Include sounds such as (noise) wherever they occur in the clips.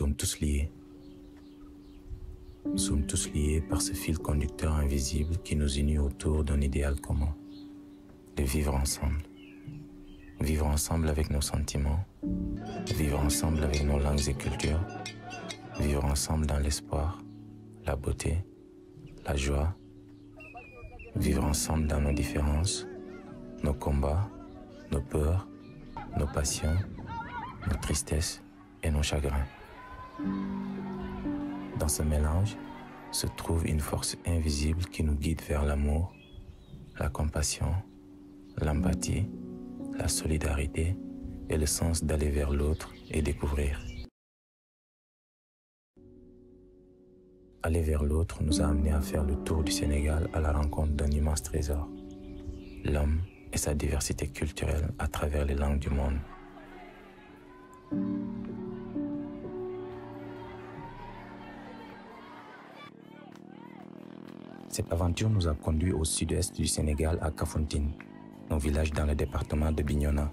sommes tous liés. Nous sommes tous liés par ce fil conducteur invisible qui nous unit autour d'un idéal commun, de vivre ensemble. Vivre ensemble avec nos sentiments, vivre ensemble avec nos langues et cultures, vivre ensemble dans l'espoir, la beauté, la joie, vivre ensemble dans nos différences, nos combats, nos peurs, nos passions, nos tristesses et nos chagrins. Dans ce mélange se trouve une force invisible qui nous guide vers l'amour, la compassion, l'empathie, la solidarité et le sens d'aller vers l'autre et découvrir. Aller vers l'autre nous a amené à faire le tour du Sénégal à la rencontre d'un immense trésor, l'homme et sa diversité culturelle à travers les langues du monde. Cette aventure nous a conduits au sud-est du Sénégal à Kafountine, un village dans le département de Bignona.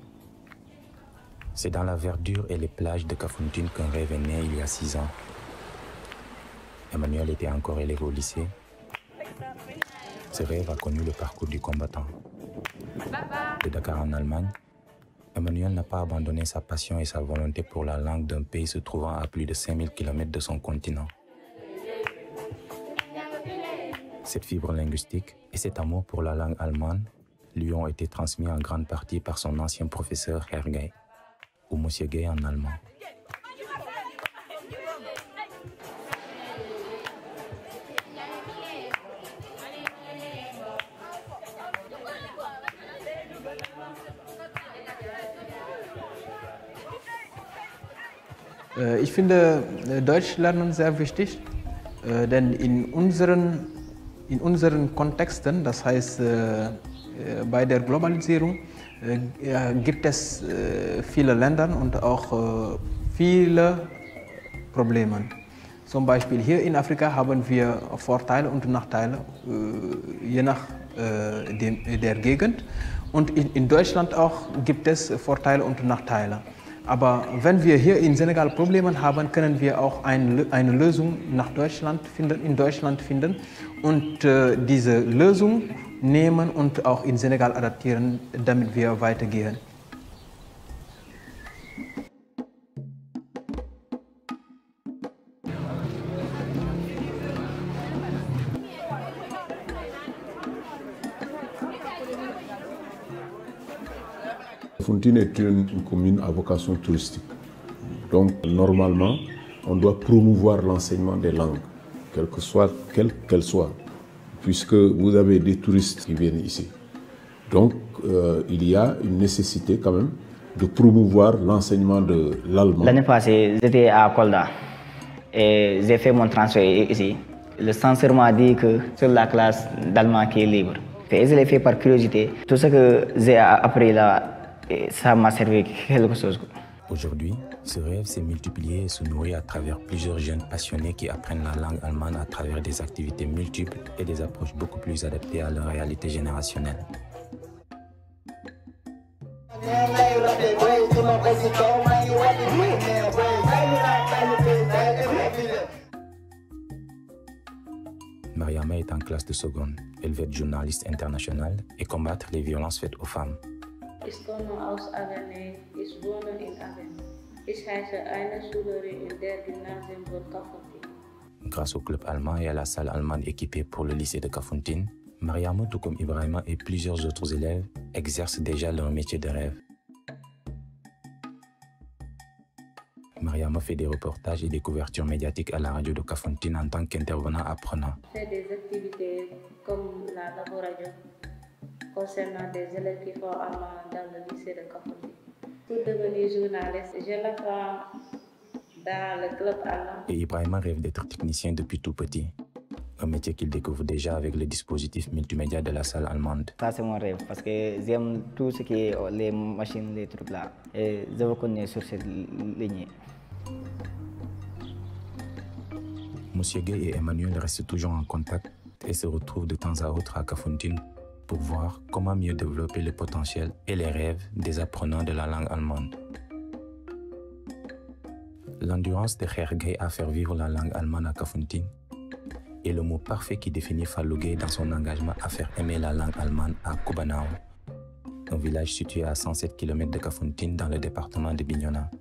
C'est dans la verdure et les plages de Kafountine qu'un rêve est né il y a six ans. Emmanuel était encore élève au lycée. Ce rêve a connu le parcours du combattant. De Dakar en Allemagne, Emmanuel n'a pas abandonné sa passion et sa volonté pour la langue d'un pays se trouvant à plus de 5000 km de son continent. Cette fibre linguistique et cet amour pour la langue allemande lui ont été transmis en grande partie par son ancien professeur Herr Gay, ou Monsieur Gay en allemand. Äh, ich finde äh, Deutsch lernen sehr wichtig, äh, denn in unseren in unseren Kontexten, das heißt äh, äh, bei der Globalisierung, äh, gibt es viele Länder und auch viele Probleme. Zum Beispiel hier in Afrika haben wir Vorteile und Nachteile, je nach der Gegend. Und in Deutschland auch gibt es Vorteile und Nachteile. Aber wenn wir hier in Senegal Probleme haben, können wir auch ein, eine Lösung nach Deutschland finden, in Deutschland finden und äh, diese Lösung nehmen und auch in Senegal adaptieren, damit wir weitergehen. Fontaine est une, commune à vocation touristique. Donc, normalement, on doit promouvoir l'enseignement des langues, quelles que soit, quelles soit puisque vous avez des touristes qui viennent ici. Donc, euh, il y a une nécessité quand même de promouvoir l'enseignement de l'allemand. L'année passée, j'étais à Kolda et j'ai fait mon transfert ici. Le censeur m'a dit que c'est la classe d'allemand qui est libre. Et je l'ai fait par curiosité. Tout ce que j'ai appris là, et ça m'a servi quelque chose. Aujourd'hui, ce rêve s'est multiplié et se nourrit à travers plusieurs jeunes passionnés qui apprennent la langue allemande à travers des activités multiples et des approches beaucoup plus adaptées à leur réalité générationnelle. Mariama est en classe de seconde. Elle veut être journaliste internationale et combattre les violences faites aux femmes. Je viens je vis in Je suis une Gymnasium Grâce au club allemand et à la salle allemande équipée pour le lycée de Cafontine, Mariamou, tout comme Ibrahima et plusieurs autres élèves, exercent déjà leur métier de rêve. Mariamou fait des reportages et des couvertures médiatiques à la radio de cafontine en tant qu'intervenant apprenant. des activités comme la laboratoire concernant des élèves qui font allemand dans le lycée de Cafontine Pour devenir journaliste, je prends dans le club allemand. Et Ibrahima rêve d'être technicien depuis tout petit un métier qu'il découvre déjà avec le dispositif multimédia de la salle allemande. Ça, c'est mon rêve parce que j'aime tout ce qui est les machines, les trucs là. Et je veux connaître sur cette ligne. Monsieur Gay et Emmanuel restent toujours en contact et se retrouvent de temps à autre à Cafontine pour voir comment mieux développer le potentiel et les rêves des apprenants de la langue allemande. L'endurance de Hergé à faire vivre la langue allemande à Kafuntin est le mot parfait qui définit Falugay dans son engagement à faire aimer la langue allemande à Kubanao, un village situé à 107 km de Kafuntin dans le département de Bignona.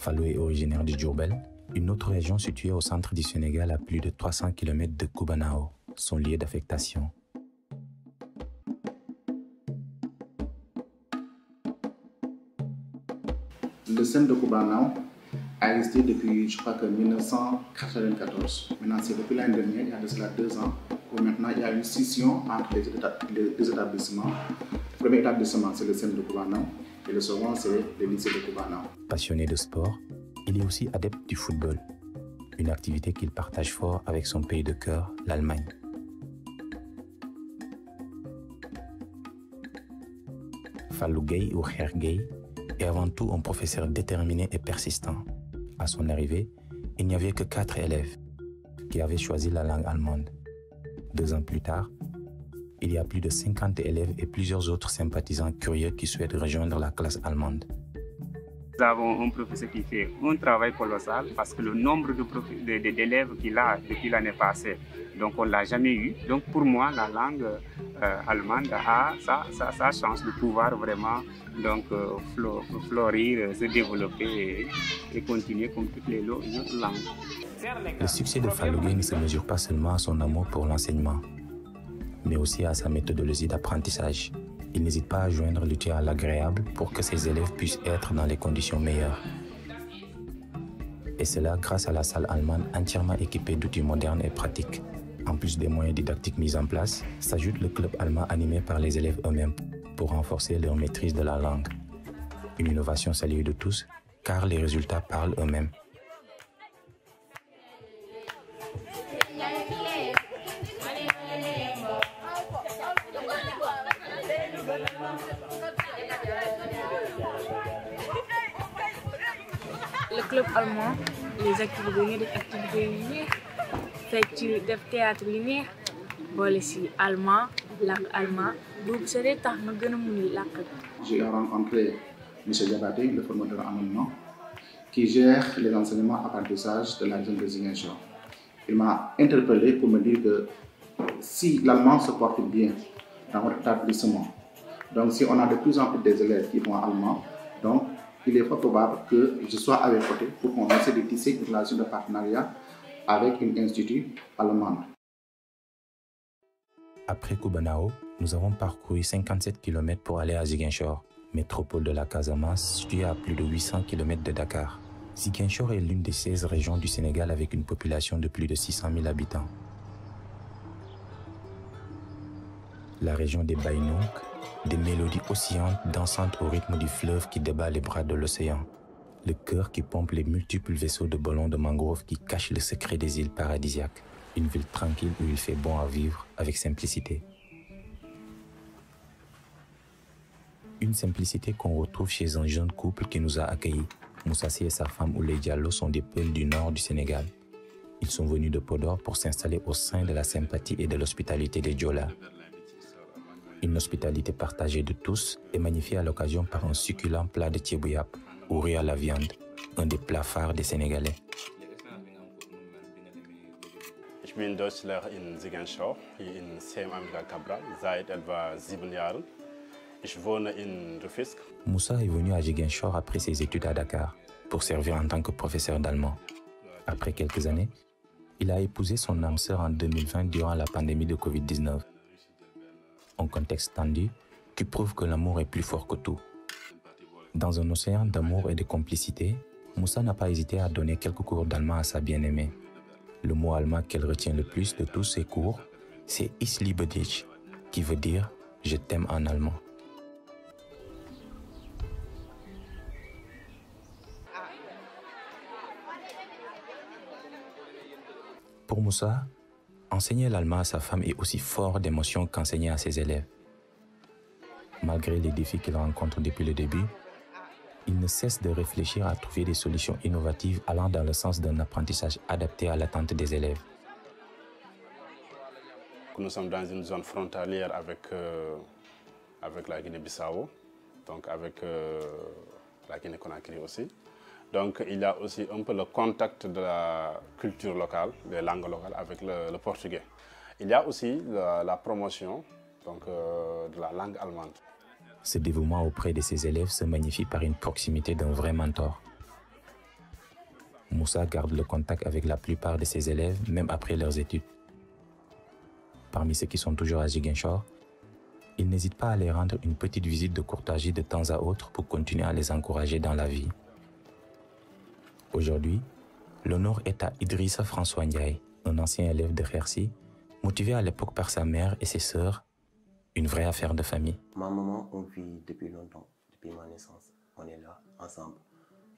Fallou est originaire du Djourbel, une autre région située au centre du Sénégal à plus de 300 km de Kobanao, son lieu d'affectation. Le SEM de Kobanao a existé depuis, je crois que 1994. Maintenant, c'est depuis l'année dernière, il y a de cela deux ans, où maintenant il y a une scission entre les deux établissements. Le premier établissement, c'est le SEM de Kobanao, et le second, c'est le lycée de Passionné de sport, il est aussi adepte du football, une activité qu'il partage fort avec son pays de cœur, l'Allemagne. Fallou Gay ou Hergay est avant tout un professeur déterminé et persistant. À son arrivée, il n'y avait que quatre élèves qui avaient choisi la langue allemande. Deux ans plus tard, il y a plus de 50 élèves et plusieurs autres sympathisants curieux qui souhaitent rejoindre la classe allemande. Nous avons un professeur qui fait un travail colossal parce que le nombre d'élèves de, d'élèves qu'il a depuis l'année passée, donc on ne l'a jamais eu. Donc pour moi, la langue euh, allemande a sa, chance de pouvoir vraiment donc, euh, fleurir, euh, se développer et, continuer comme toutes les autres langues. Le succès de Falogé ne se mesure pas seulement à son amour pour l'enseignement, mais aussi à sa méthodologie d'apprentissage. Il n'hésite pas à joindre l'utile à l'agréable pour que ses élèves puissent être dans les conditions meilleures. Et cela grâce à la salle allemande entièrement équipée d'outils modernes et pratiques. En plus des moyens didactiques mis en place, s'ajoute le club allemand animé par les élèves eux-mêmes pour renforcer leur maîtrise de la langue. Une innovation saluée de tous, car les résultats parlent eux-mêmes. club allemand les activités les activités les activités les neex de théâtre les allemand làkk allemand c'est sa dee tax nga gën j'ai rencontré M. Diabaté le formateur en allemand qui gère les enseignements apprentissage de la région de Ziguinchor il m'a interpellé pour me dire que si l'allemand se porte bien dans notre établissement donc si on a de plus en plus d'élèves qui vont allemand donc il est probable que je sois avec côté pour qu'on de tisser de partenariat avec une institut allemande. Après Kubanao, nous avons parcouru 57 km pour aller à Ziguinchor, métropole de la Casamance située à plus de 800 km de Dakar. Ziguinchor est l'une des 16 régions du Sénégal avec une population de plus de 600 000 habitants. La région des Bainouk, des mélodies oscillantes, dansant au rythme du fleuve qui débat les bras de l'océan. Le cœur qui pompe les multiples vaisseaux de ballons de mangrove qui cachent le secret des îles paradisiaques. Une ville tranquille où il fait bon à vivre avec simplicité. Une simplicité qu'on retrouve chez un jeune couple qui nous a accueillis. Moussassi et sa femme Oulé Diallo sont des peuls du nord du Sénégal. Ils sont venus de Podor pour s'installer au sein de la sympathie et de l'hospitalité des Diola une hospitalité partagée de tous est magnifiée à l'occasion par un succulent plat de Thiebouyap, ou riz à la viande, un des plats phares des Sénégalais. Moussa est venu à Jigenshore après ses études à Dakar pour servir en tant que professeur d'allemand. Après quelques années, il a épousé son âme sœur en 2020 durant la pandémie de Covid-19 contexte tendu qui prouve que l'amour est plus fort que tout. Dans un océan d'amour et de complicité, Moussa n'a pas hésité à donner quelques cours d'allemand à sa bien-aimée. Le mot allemand qu'elle retient le plus de tous ses cours, c'est Ich liebe dich, qui veut dire je t'aime en allemand. Pour Moussa, Enseigner l'allemand à sa femme est aussi fort d'émotion qu'enseigner à ses élèves. Malgré les défis qu'il rencontre depuis le début, il ne cesse de réfléchir à trouver des solutions innovatives allant dans le sens d'un apprentissage adapté à l'attente des élèves. Nous sommes dans une zone frontalière avec, euh, avec la Guinée-Bissau, donc avec euh, la Guinée-Conakry aussi. Donc il y a aussi un peu le contact de la culture locale, des langues locales avec le, portugais. Il y a aussi la, promotion euh, de la langue allemande. Ce dévouement auprès de ses élèves se magnifie par une proximité d'un vrai mentor. Moussa garde le contact avec la plupart de ses élèves, même après leurs études. Parmi ceux qui sont toujours à Ziguinchor, il n'hésite pas à les rendre une petite visite de courtagie de temps à autre pour continuer à les encourager dans la vie. Aujourd'hui, l'honneur est à Idrissa François Ndiaye, un ancien élève de Hercy, motivé à l'époque par sa mère et ses sœurs. Une vraie affaire de famille. Ma maman, on vit depuis longtemps, depuis ma naissance. On est là, ensemble.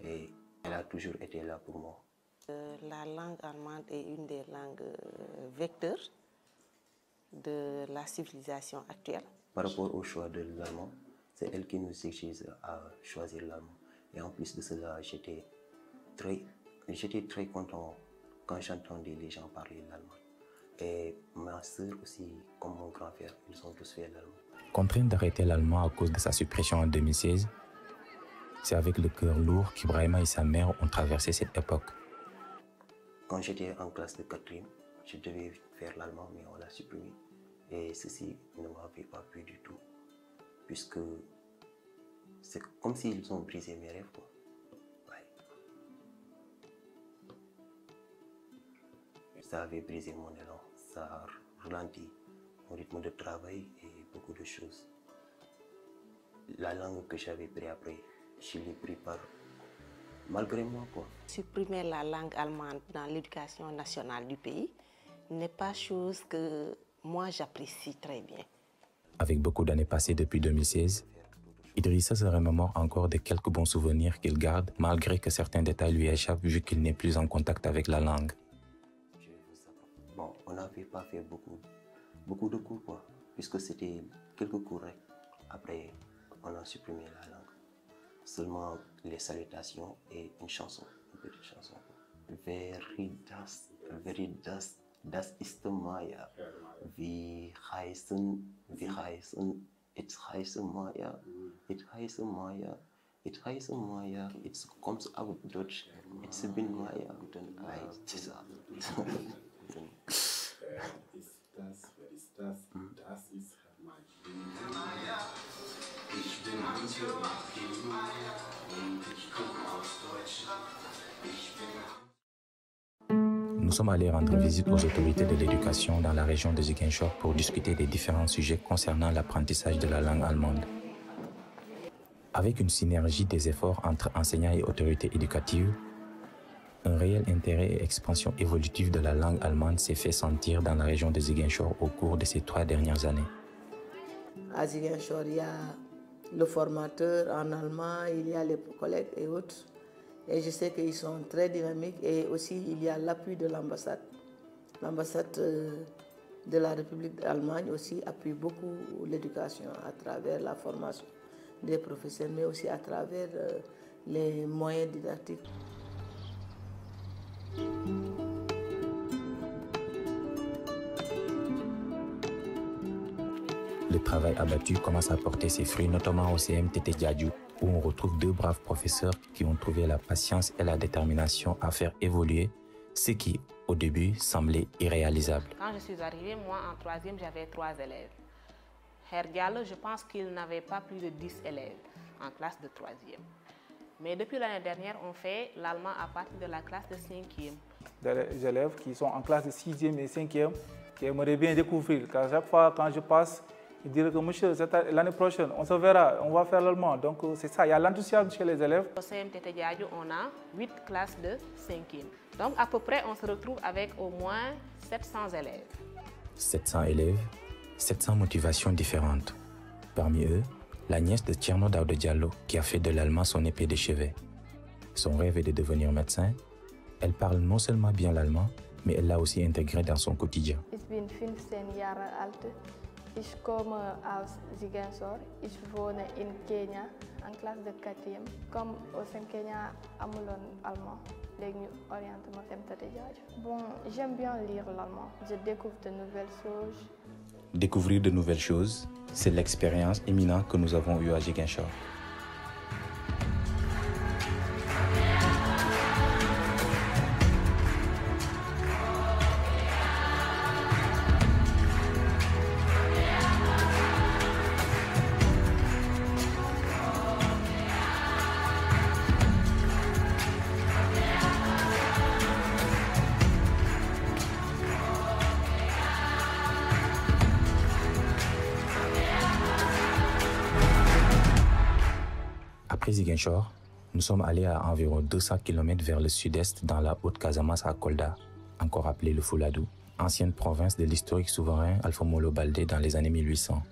Et elle a toujours été là pour moi. Euh, la langue allemande est une des langues euh, vecteurs de la civilisation actuelle. Par rapport au choix de l'allemand, c'est elle qui nous exige à choisir l'allemand. Et en plus de cela, j'étais j'étais très content quand j'entendais les gens parler l'allemand. Et ma soeur aussi, comme mon grand père ils ont tous fait l'allemand. Contraint d'arrêter l'allemand à cause de sa suppression en 2016, c'est avec le cœur lourd qu'Ibrahima et sa mère ont traversé cette époque. Quand j'étais en classe de quatrième, je devais faire l'allemand, mais on l'a supprimé. Et ceci ne m'avait pas plu du tout, puisque c'est comme s'ils ont brisé mes rêves. ça avait brisé mon élan, ça a ralenti mon rythme de travail et beaucoup de choses. La langue que j'avais pris après, je l'ai pris par malgré moi quoi. Supprimer la langue allemande dans l'éducation nationale du pays n'est pas chose que moi j'apprécie très bien. Avec beaucoup d'années passées depuis 2016, Idrissa se remémore encore de quelques bons souvenirs qu'il garde malgré que certains détails lui échappent vu qu'il n'est plus en contact avec la langue on n'avait fait pas fait beaucoup, beaucoup de cours, quoi, puisque c'était quelques cours. Hein. Après, on a supprimé la langue. Seulement les salutations et une chanson, une petite chanson. Veridas, Veridas, das ist Maya. Wie heißen, wie heißen, it heißen Maya, it heißen Maya. It heißt Maya, it comes out Dutch, it's been Maya, guten Ei, (laughs) nous sommes allés rendre visite aux autorités de l'éducation dans la région de Ziguinchor pour discuter des différents sujets concernant l'apprentissage de la langue allemande. Avec une synergie des efforts entre enseignants et autorités éducatives, un réel intérêt et expansion évolutive de la langue allemande s'est fait sentir dans la région de Ziguinchor au cours de ces trois dernières années. À Ziguinchor, il y a le formateur en allemand, il y a les collègues et autres. Et je sais qu'ils sont très dynamiques et aussi il y a l'appui de l'ambassade. L'ambassade euh, de la République d'Allemagne aussi appuie beaucoup l'éducation à travers la formation des professeurs, mais aussi à travers euh, les moyens didactiques. Le travail abattu commence à porter ses fruits, notamment au CMTT Diadjou, où on retrouve deux braves professeurs qui ont trouvé la patience et la détermination à faire évoluer ce qui, au début, semblait irréalisable. Quand je suis arrivée, moi, en troisième, j'avais trois élèves. Herr Diallo, je pense qu'il n'avait pas plus de dix élèves en classe de troisième. Mais depuis l'année dernière, on fait l'allemand à partir de la classe de 5e. Des élèves qui sont en classe de 6e et 5e, qui aimeraient bien découvrir. Car chaque fois, quand je passe, ils diraient que monsieur, l'année prochaine, on se verra, on va faire l'allemand. Donc euh, c'est ça, il y a l'enthousiasme chez les élèves. Au CMTT Diadio, on a 8 classes de 5e. Donc à peu près, on se retrouve avec au moins 700 élèves. 700 élèves, 700 motivations différentes. Parmi eux, la nièce de Tierno Daoud Diallo qui a fait de l'allemand son épée de chevet. Son rêve est de devenir médecin. Elle parle non seulement bien l'allemand, mais elle l'a aussi intégré dans son quotidien. Ich komme aus Ziguinchor. Ich wohne in Kenya en classe de 4e. Comme au sein Kenya, amulon allemand. Léegi oriente orienté ma Tata Bon, j'aime bien lire l'allemand. Je découvre de nouvelles choses. Découvrir de nouvelles choses, c'est l'expérience éminente que nous avons eue à Giguinchor. nous sommes allés à environ 200 km vers le sud-est dans la Haute-Casamance à Kolda, encore appelée le Fouladou, ancienne province de l'historique souverain Alfomolo Baldé dans les années 1800.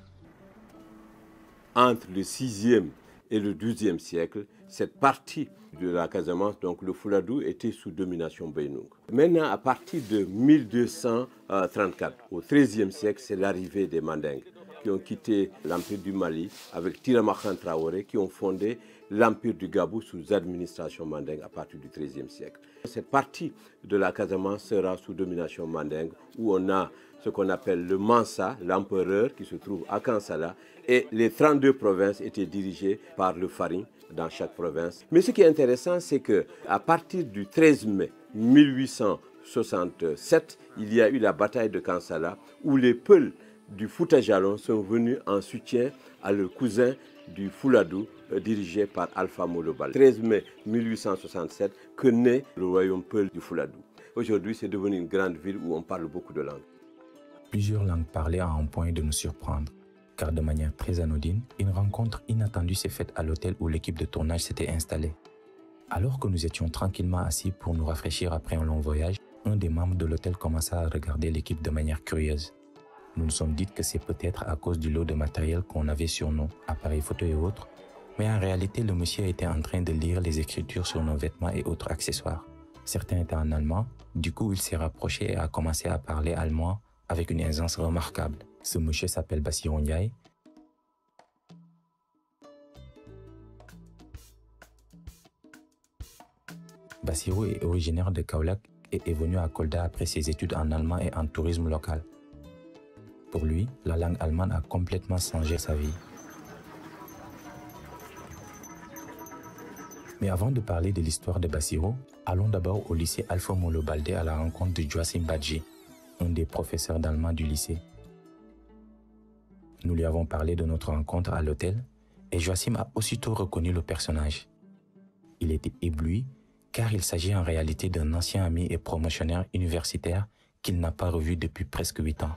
Entre le 6e et le 12e siècle, cette partie de la Casamance, donc le Fouladou, était sous domination Beinouk. Maintenant, à partir de 1234, au 13e siècle, c'est l'arrivée des Mandingues qui ont quitté l'Empire du Mali avec Tiramakhan Traoré, qui ont fondé l'empire du Gabou sous administration mandingue à partir du XIIIe siècle. Cette partie de la sera sous domination mandingue où on a ce qu'on appelle le Mansa, l'empereur qui se trouve à Kansala et les 32 provinces étaient dirigées par le Farin dans chaque province. Mais ce qui est intéressant, c'est que à partir du 13 mai 1867, il y a eu la bataille de Kansala où les Peuls du Futajalon sont venus en soutien à leur cousin du Fouladou euh, dirigé par Alpha Modobal. 13 mai 1867 que naît le royaume Peul du Fouladou. Aujourd'hui, c'est devenu une grande ville où on parle beaucoup de langues. Plusieurs langues parlées à un point de nous surprendre, car de manière très anodine, une rencontre inattendue s'est faite à l'hôtel où l'équipe de tournage s'était installée. Alors que nous étions tranquillement assis pour nous rafraîchir après un long voyage, un des membres de l'hôtel commença à regarder l'équipe de manière curieuse. Nous nous sommes dit que c'est peut-être à cause du lot de matériel qu'on avait sur nous, appareils photo et autres, mais en réalité le monsieur était en train de lire les écritures sur nos vêtements et autres accessoires. Certains étaient en allemand, du coup il s'est rapproché et a commencé à parler allemand avec une aisance remarquable. Ce monsieur s'appelle Bassiron Ndiaye Bassirou est originaire de Kaulak et est venu à Kolda après ses études en allemand et en tourisme local. Pour lui, la langue allemande a complètement changé sa vie. Mais avant de parler de l'histoire de Bassiro, allons d'abord au lycée Alpha Molo à la rencontre de Joachim Badji, un des professeurs d'allemand du lycée. Nous lui avons parlé de notre rencontre à l'hôtel et Joachim a aussitôt reconnu le personnage. Il était ébloui car il s'agit en réalité d'un ancien ami et promotionnaire universitaire qu'il n'a pas revu depuis presque 8 ans.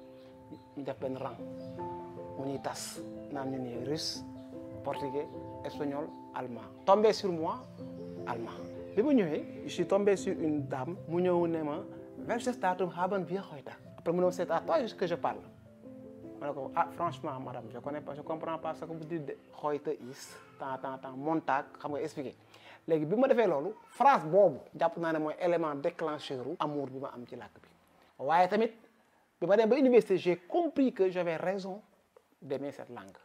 ñu def benn rang mu tas ñu ni russe portugais espagnol allemand tombé sur moi allemand bi ma ñëwee je suis tombé sur une dame mu ñëw ne ma welches Datum haben wir heute après mu ne c'est à toi que je parle ma ko ah franchement madame je connais pas je comprends pas ce que vous dites de heute is tant tant tant montak xam nga expliquer légui bima défé lolu france bobu japp na né moy élément déclencheur amour bima am ci làkk bi waaye tamit mais j'ai compris que j'avais raison d'aimer cette langue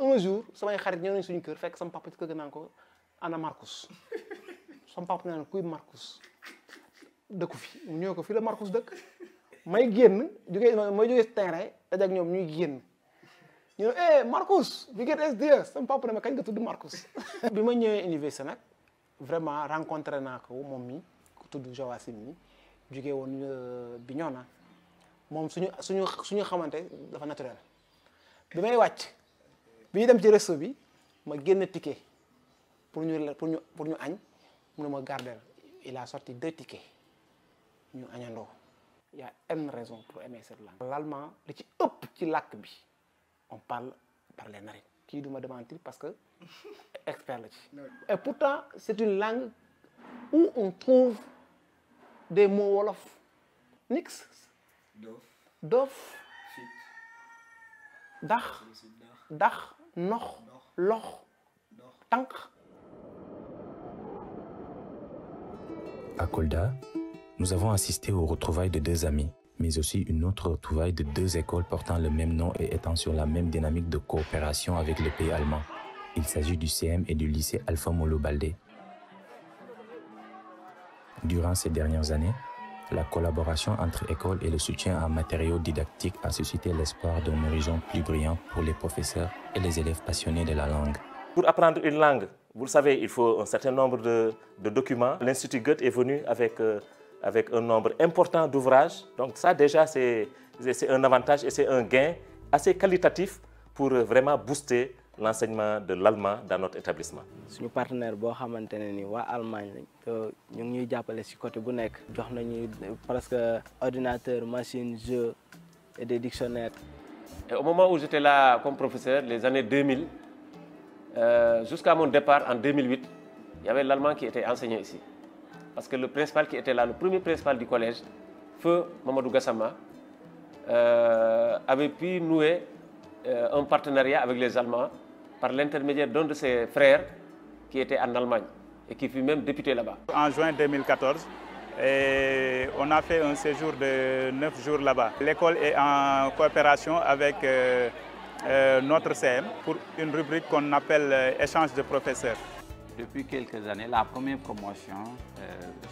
un jour je xarit ñëw fekk sama papa ci kër naan ko ana Marcus sama papa naan kuy Marcus Je suis la Marcus may ñu eh, Marcus bi suis sama papa ne ma kañ nga Marcus je (laughs) ma université nak vraiment rencontré ko mi ku tudd mi won euh, moom suñu suñu suñu xamante dafa naturel bi may wàcc bi Quand dem ci resto bi ma génn ticket pour ñu pour ñu pour ñu añ mu ma garder il a sorti deux tickets ñu añandoo. y a une raison pour aimer cette langue. l'allemand li ci ëpp ci làkk bi on parle par les narines. kii du ma demandé parce que (laughs) expert la ci. et pourtant c'est une langue où on trouve des mots wolof nix. Dof Dach. Dach. Noch. Noch. À Kolda, nous avons assisté au retrouvailles de deux amis, mais aussi une autre retrouvaille de deux écoles portant le même nom et étant sur la même dynamique de coopération avec le pays allemand. Il s'agit du CM et du lycée Alpha Molo Baldé. Durant ces dernières années, la collaboration entre écoles et le soutien en matériaux didactiques a suscité l'espoir d'un horizon plus brillant pour les professeurs et les élèves passionnés de la langue. Pour apprendre une langue, vous le savez, il faut un certain nombre de, documents. L'Institut Goethe est venu avec, euh, avec un nombre important d'ouvrages. Donc ça déjà, c'est un avantage et c'est un gain assez qualitatif pour vraiment booster l'enseignement de l'allemand dans notre établissement. suñu partenaire Bo wa Allemagne lañ nous ñuy ci côté bu nekk presque ordinateur machine jeu et des dictionnaires. au moment où j'étais là comme professeur les années 2000 euh, jusqu'à mon départ en 2008 il y avait l'allemand qui était enseigné ici parce que le principal qui était là le premier principal du collège feu Mamadou Gassama euh, avait pu nouer euh, un partenariat avec les Allemands par l'intermédiaire d'un de ses frères qui était en Allemagne et qui fut même député là-bas. En juin 2014, on a fait un séjour de neuf jours là-bas. L'école est en coopération avec euh, euh, notre CM pour une rubrique qu'on appelle euh, échange de professeurs. Depuis quelques années, la première promotion,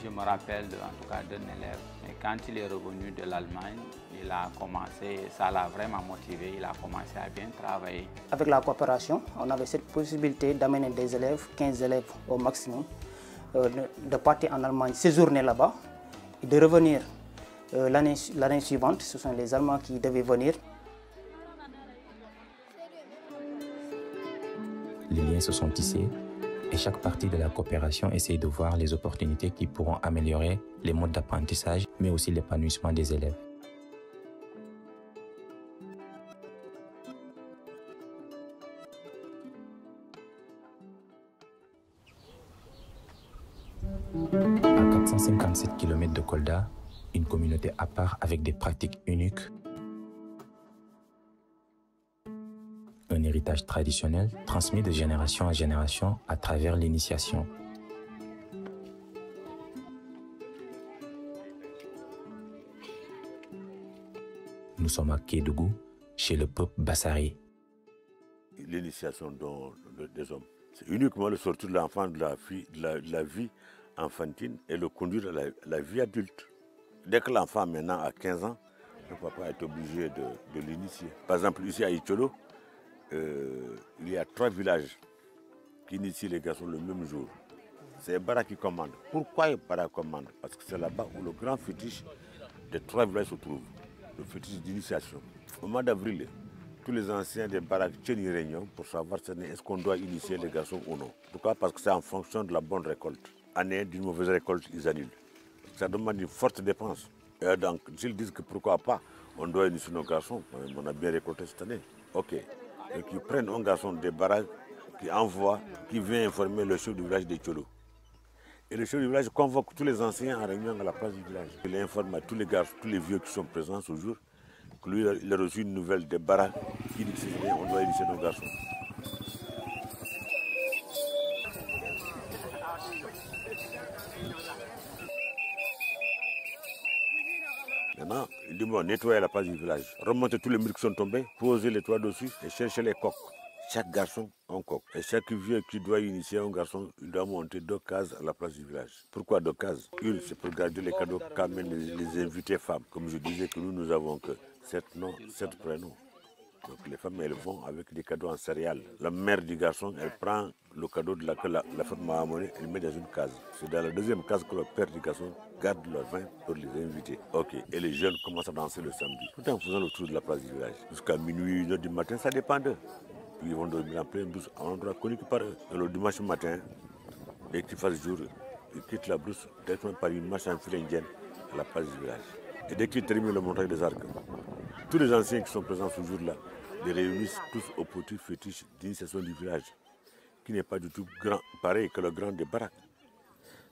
je me rappelle en tout cas d'un élève, mais quand il est revenu de l'Allemagne, il a commencé, ça l'a vraiment motivé, il a commencé à bien travailler. Avec la coopération, on avait cette possibilité d'amener des élèves, 15 élèves au maximum, euh, de partir en Allemagne, séjourner là-bas et de revenir. Euh, l'année suivante, ce sont les Allemands qui devaient venir. Les liens se sont tissés et chaque partie de la coopération essaye de voir les opportunités qui pourront améliorer les modes d'apprentissage, mais aussi l'épanouissement des élèves. À 457 km de Kolda, une communauté à part avec des pratiques uniques, un héritage traditionnel transmis de génération en génération à travers l'initiation. Nous sommes à Kédougou, chez le peuple Bassari. L'initiation des hommes, c'est uniquement le sortir de l'enfant de la, fille, de la vie enfantine et le conduire à la, vie adulte. Dès que l'enfant maintenant a 15 ans, le papa est obligé de, l'initier. Par exemple, ici à Itolo, euh, il y a trois villages qui initient les garçons le même jour. C'est Bara qui commande. Pourquoi Bara commande Parce que c'est là-bas où le grand fétiche des trois villages se trouve, le fétiche d'initiation. Au mois d'avril, tous les anciens des baraques tiennent une réunion pour savoir si est-ce qu'on doit initier les garçons ou non. Pourquoi parce que c'est en fonction de la bonne récolte année d'une mauvaise récolte, ils annulent. Ça demande une forte dépense. donc, s'ils disent que pourquoi pas, on doit initier nos garçons, on a bien récolté cette année. Ok. Et qu'ils prennent un garçon des barrages, qui envoie, qui vient informer le chef du village de Cholo Et le chef du village convoque tous les anciens en réunion à la place du village. Il informe à tous les garçons, tous les vieux qui sont présents ce jour, que lui, il a reçu une nouvelle des barrages qu'il dit que on doit initier nos garçons. Maintenant, dit bon, nettoyer la place du village, remonter tous les murs qui sont tombés, poser les toits dessus et chercher les coques. Chaque garçon, un coq. Et chaque vieux qui doit initier un garçon, il doit monter deux cases à la place du village. Pourquoi deux cases Une, c'est pour garder les cadeaux qu'amènent les, les invités femmes. Comme je disais que nous, nous avons que sept noms, sept prénoms. Donc les femmes, elles vont avec des cadeaux en céréales. La mère du garçon, elle prend le cadeau de la, femme m'a amené, elle met dans une case. C'est dans la deuxième case que le père du garçon garde leur vin pour les inviter. Ok, et les jeunes commencent à danser le samedi, tout en faisant le tour de la place du village. Jusqu'à minuit, une heure du matin, ça dépend d'eux. Puis ils vont dormir en pleine bourse, à un endroit connu par eux. le dimanche matin, dès qu'il fasse jour, ils quittent la brousse, directement par une marche en file indienne à la place du village. Et dès qu'ils terminent le montage des arcs, tous les anciens qui sont présents ce jour-là réunissent tous au petit fétiche d'initiation du village, qui n'est pas du tout grand, pareil que le grand des baraques.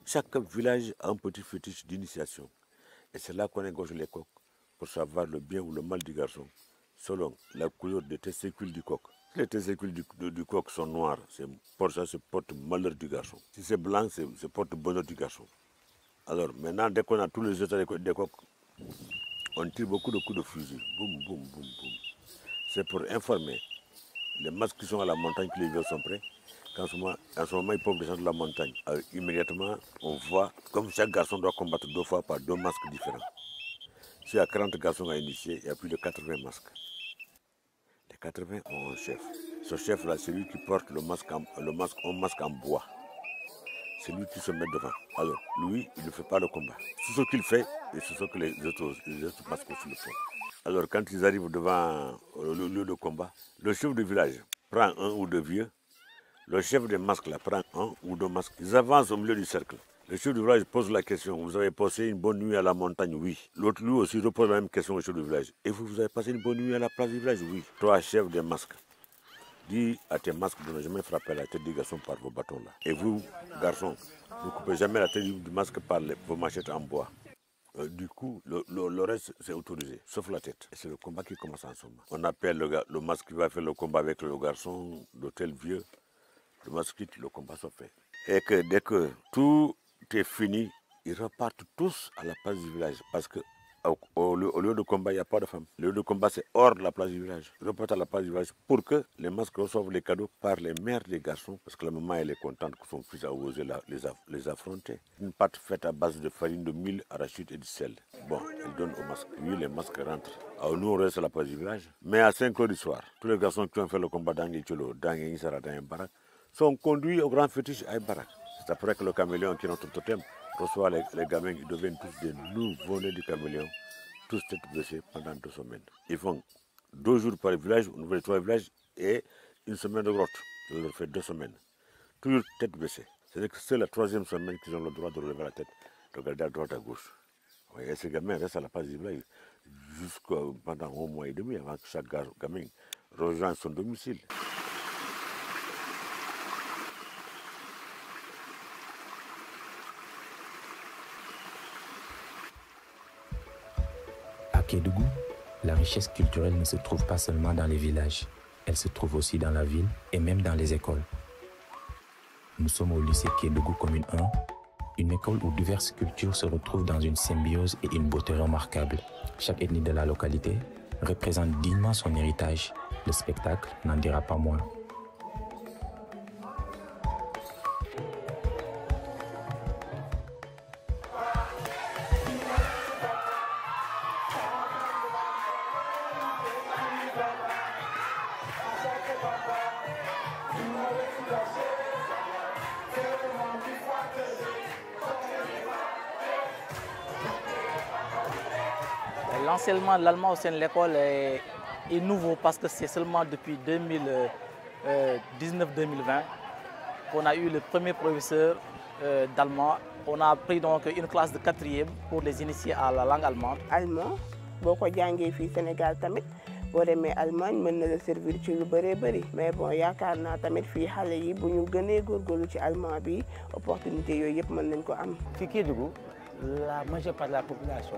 Chaque village a un petit fétiche d'initiation. Et c'est là qu'on égorge les coqs pour savoir le bien ou le mal du garçon, selon la couleur des testicules du coq. les testicules du, coq sont noirs, c'est pour ça se porte malheur du garçon. Si c'est blanc, c'est porte bonheur du garçon. Alors maintenant, dès qu'on a tous les états des coqs, on tire beaucoup de coups de fusil. Boum, boum, boum, boum c'est pour informer les masques qui sont à la montagne que les vieux sont prêts. Qu'en ce moment, en ce moment, ils peuvent descendre de la montagne. immédiatement, on voit, comme chaque garçon doit combattre deux fois par deux masques différents. S'il y a 40 garçons à initier, il y a plus de 80 masques. Les 80 ont un chef. Ce chef-là, c'est lui qui porte le masque en, masque, un masque en bois. C'est lui qui se met devant. Alors, lui, il ne fait pas le combat. C'est ce qu'il fait et c'est ce que les autres, masques font. Alors quand ils arrivent devant euh, le lieu de combat, le chef du village prend un ou deux vieux, le chef des masques là, prend un ou deux masques, ils avancent au milieu du cercle. Le chef du village pose la question, vous avez passé une bonne nuit à la montagne, oui. L'autre lui aussi repose la même question au chef du village. Et vous, vous avez passé une bonne nuit à la place du village, oui. Toi, chef des masques, dis à tes masques de ne jamais frapper la tête des garçons par vos bâtons là. Et vous, garçons, ne coupez jamais la tête du masque par vos machettes en bois. Euh, du coup, le, le, reste, c'est autorisé, sauf la tête. C'est le combat qui commence en ce On appelle le, le, masque qui va faire le combat avec le garçon de vieux. Le masque le combat soit fait. Et que dès que tout est fini, ils repartent tous à la place du village parce que au, lieu, de combat, il n'y a pas de femmes. Le lieu de combat, c'est hors de la place du village. Reporte à la place du village pour que les masques reçoivent les cadeaux par les mères des garçons, parce que la maman, elle est contente que son fils a osé les, affronter. Une pâte faite à base de farine de mille, arachide et de sel. Bon, elle donne aux masques. Oui, les masques rentrent. Alors ah, nous, on reste à la place du village. Mais à 5 heures du soir, tous les garçons qui ont fait le combat dans Cholo, dans Yénisara, dans sont conduits au grand fétiche à Yébarak. C'est après que le caméléon qui est notre totem reçoit les, gamins qui deviennent tous des nouveaux-nés du caméléon, tous têtes blessés pendant deux semaines. Ils font deux jours par village, une nouvelle les trois villages, et une semaine de grotte. ils leur fait deux semaines. Toujours tête baissée. C'est-à-dire que c'est la troisième semaine qu'ils ont le droit de relever la tête, de regarder à droite, à gauche. Et ces gamins restent à la place du village jusqu'à pendant un mois et demi avant que chaque gamin rejoigne son domicile. Kédougou, la richesse culturelle ne se trouve pas seulement dans les villages, elle se trouve aussi dans la ville et même dans les écoles. Nous sommes au lycée Kédougou Commune 1, une école où diverses cultures se retrouvent dans une symbiose et une beauté remarquable. Chaque ethnie de la localité représente dignement son héritage. Le spectacle n'en dira pas moins. l'allemand au sein de l'école est, est, nouveau parce que c'est seulement depuis 2019-2020 euh, qu'on a eu le premier professeur euh, d'allemand. On a pris donc une classe de quatrième pour les initier à la langue allemande. Allemand, beaucoup de fi Sénégal tamit. Pour demee Allemagne mën na la servir ci lu bëree mais bon yaakaar naa tamit fii xale yi bu ñu gënee ci allemand bi opportunité yooyu l'allemand. mën ko am. la majorité de la population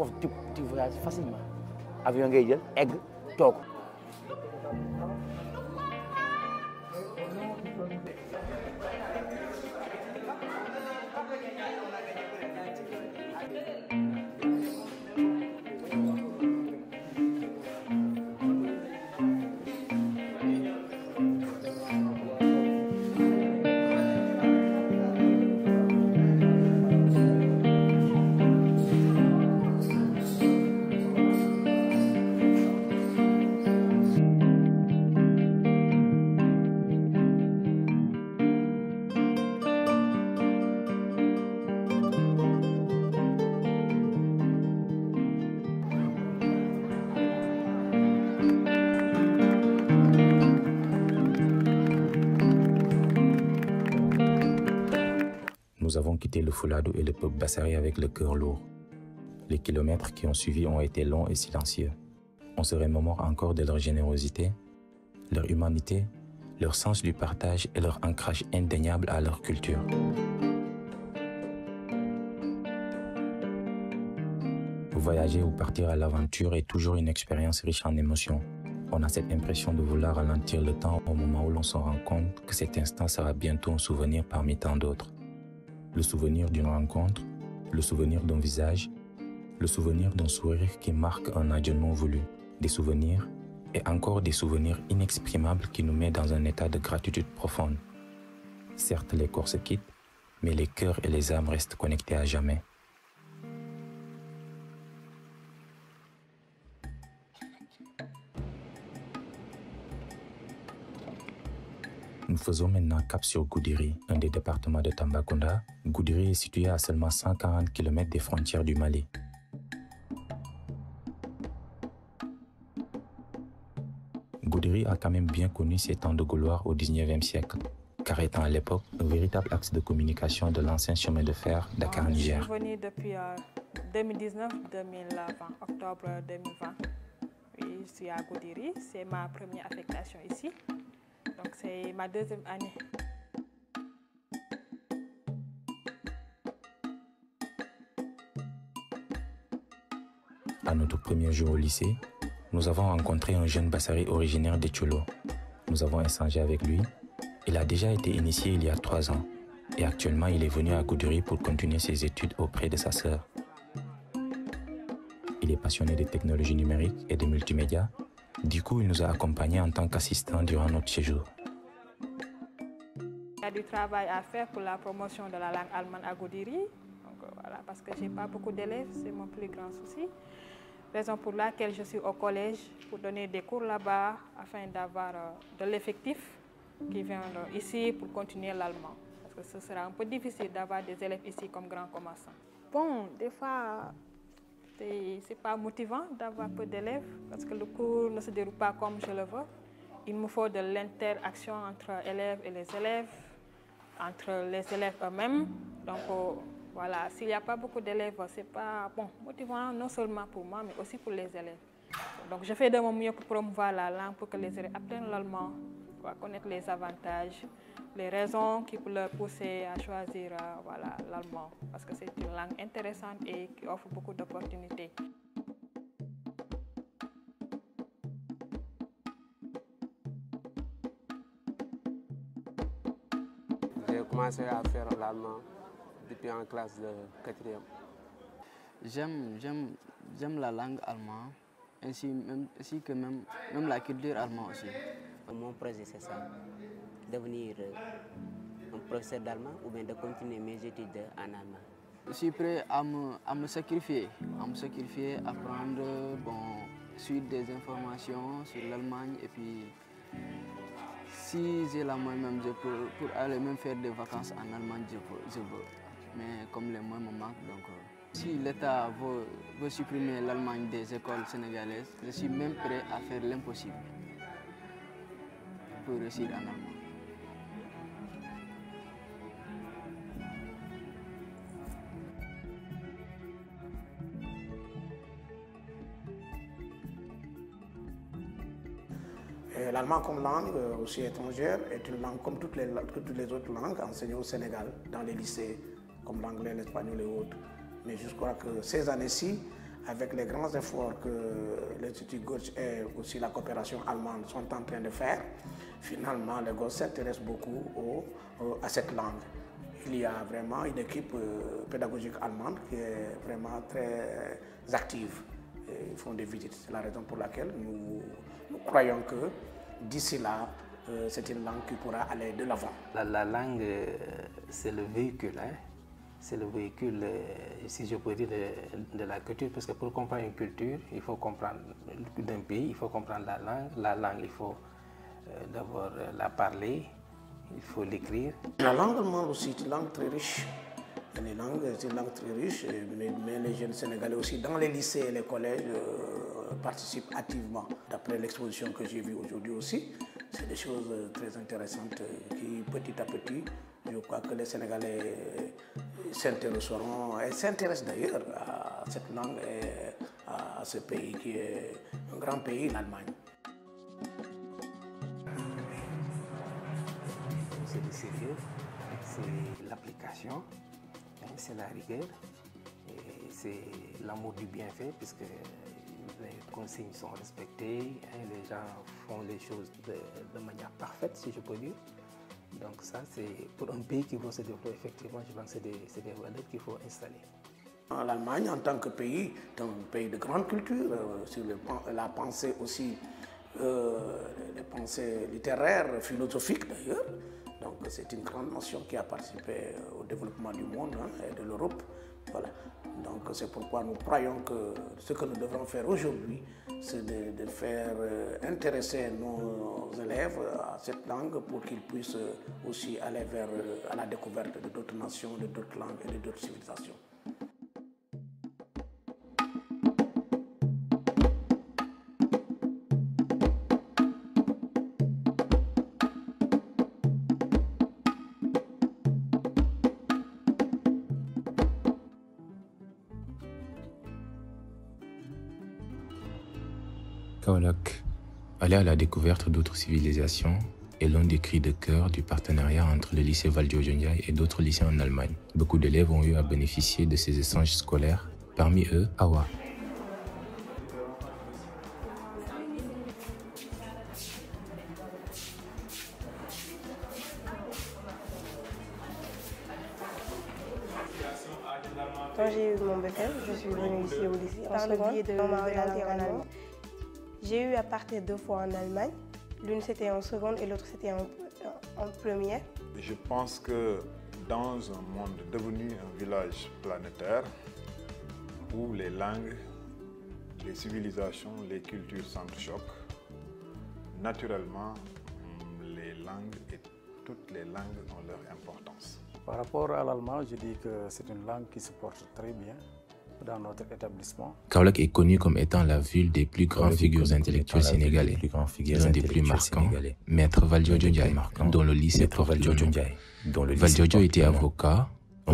foofu tu tu voyages facilement avion ngay jël egg toog le Foulado et le peuple Bassari avec le cœur lourd. Les kilomètres qui ont suivi ont été longs et silencieux. On se remémore encore de leur générosité, leur humanité, leur sens du partage et leur ancrage indéniable à leur culture. Voyager ou partir à l'aventure est toujours une expérience riche en émotions. On a cette impression de vouloir ralentir le temps au moment où l'on se rend compte que cet instant sera bientôt un souvenir parmi tant d'autres le souvenir d'une rencontre, le souvenir d'un visage, le souvenir d'un sourire qui marque un non voulu, des souvenirs et encore des souvenirs inexprimables qui nous mettent dans un état de gratitude profonde. Certes, les corps se quittent, mais les cœurs et les âmes restent connectés à jamais. Nous faisons maintenant cap sur Goudiri, un des départements de Tambacounda. Goudiri est situé à seulement 140 km des frontières du Mali. Goudiri a quand même bien connu ses temps de gouloir au 19e siècle, car étant à l'époque un véritable axe de communication de l'ancien chemin de fer Dakar-Niger. Ah, je suis depuis 2019, euh, 2020, octobre 2020. je suis à Goudiri, c'est ma première affectation ici. Donc c'est ma deuxième année. À notre premier jour au lycée, nous avons rencontré un jeune Bassari originaire de Cholo. Nous avons échangé avec lui. Il a déjà été initié il y a trois ans et actuellement il est venu à Gouduri pour continuer ses études auprès de sa sœur. Il est passionné des technologies numériques et des multimédias du coup, il nous a accompagnés en tant qu'assistants durant notre séjour. Il y a du travail à faire pour la promotion de la langue allemande à Goudiri. Donc, voilà, parce que je n'ai pas beaucoup d'élèves, c'est mon plus grand souci. Raison pour laquelle je suis au collège pour donner des cours là-bas afin d'avoir euh, de l'effectif qui vient euh, ici pour continuer l'allemand. Parce que ce sera un peu difficile d'avoir des élèves ici comme grands commerçants. Bon, des fois, c'est pas motivant d'avoir peu d'élèves parce que le cours ne se déroule pas comme je le veux. Il me faut de l'interaction entre élèves et les élèves, entre les élèves eux-mêmes. Donc oh, voilà, s'il n'y a pas beaucoup d'élèves, ce n'est pas bon, motivant non seulement pour moi mais aussi pour les élèves. Donc je fais de mon mieux pour promouvoir la langue pour que les élèves apprennent l'allemand connaître les avantages, les raisons qui le pousser à choisir euh, l'allemand. parce que c'est une langue intéressante et qui offre beaucoup d'opportunités. J'ai commencé à faire l'allemand depuis en classe de 4e. J'aime la langue allemande, ainsi, que même, même la culture allemande aussi. Mon projet, c'est ça. Devenir euh, un professeur d'allemand ou bien de continuer mes études en Allemagne. Je suis prêt à me, sacrifier, à me sacrifier, à prendre, bon, suite des informations sur l'Allemagne et puis si j'ai la moi-même, pour aller même faire des vacances en Allemagne, je, veux. Mais comme les mois me manquent, donc euh, si l'État veut supprimer l'Allemagne des écoles sénégalaises, je suis même prêt à faire l'impossible. Euh, l'allemand comme langue euh, aussi étrangère est une langue comme toutes les, toutes les autres langues enseignées au Sénégal dans les lycées, comme l'anglais, l'espagnol et autres. Mais je crois que ces années-ci, avec les grands efforts que l'Institut Gauche et aussi la coopération allemande sont en train de faire, finalement, les Gauche s'intéressent beaucoup à cette langue. Il y a vraiment une équipe euh, pédagogique allemande qui est vraiment très active. ils font des visites. C'est la raison pour laquelle nous, croyons que d'ici là, euh, c'est une langue qui pourra aller de l'avant. La, langue, euh, c'est le véhicule. Hein c'est le véhicule, euh, si je peux dire, euh, de, la culture, parce que pour comprendre une culture, il faut comprendre d'un pays, il faut comprendre la langue. La langue, il faut euh, d'abord la parler, il faut l'écrire. La langue allemande aussi, c'est une langue très riche. Les c'est une langue très riche, mais, les jeunes Sénégalais aussi, dans les lycées et les collèges, participent activement. D'après l'exposition que j'ai vue aujourd'hui aussi, c'est des choses très intéressantes qui, petit à petit, je crois que les Sénégalais euh, s'intéresseront et s'intéressent d'ailleurs à cette langue et à ce pays qui est un grand pays, l'Allemagne. C'est le sérieux, c'est l'application, hein, c'est la rigueur, c'est l'amour du bienfait puisque les consignes sont respectées, hein, les gens font les choses de, de manière parfaite si je peux dire. Donc ça, c'est pour un pays qui veut se développer, effectivement, je pense que c'est des, valeurs qu'il faut installer. L'Allemagne, en tant que pays, est un pays de grande culture, euh, sur la pensée aussi, euh, les pensées littéraires, philosophiques d'ailleurs. Donc c'est une grande nation qui a participé euh, au développement du monde hein, et de l'Europe. Voilà. Donc c'est pourquoi nous croyons que ce que nous devons faire aujourd'hui, c'est de, faire euh, intéresser nos élèves cette langue pour qu'ils puissent euh, aussi aller vers euh, la découverte de d'autres nations, de d'autres langues et de d'autres civilisations. à la découverte d'autres civilisations et l'un des cris de cœur du partenariat entre le lycée val et d'autres lycées en Allemagne. Beaucoup d'élèves ont eu à bénéficier de ces échanges scolaires, parmi eux Awa. Quand j'ai eu mon e, je suis venue ici au lycée. en j'ai eu à partir deux fois en Allemagne. L'une c'était en seconde et l'autre c'était en, en, première. Je pense que dans un monde devenu un village planétaire, où les langues, les civilisations, les cultures s'entrechoquent, naturellement, les langues et toutes les langues ont leur importance. Par rapport à l'allemand, je dis que c'est une langue qui se porte très bien dans notre établissement. est connu comme étant la ville des plus grandes figures intellectuelles sénégalais, l'un des plus marquants, Maître Valdiodio Ndiaye, dont le lycée Prof. le Valdiodio était avocat,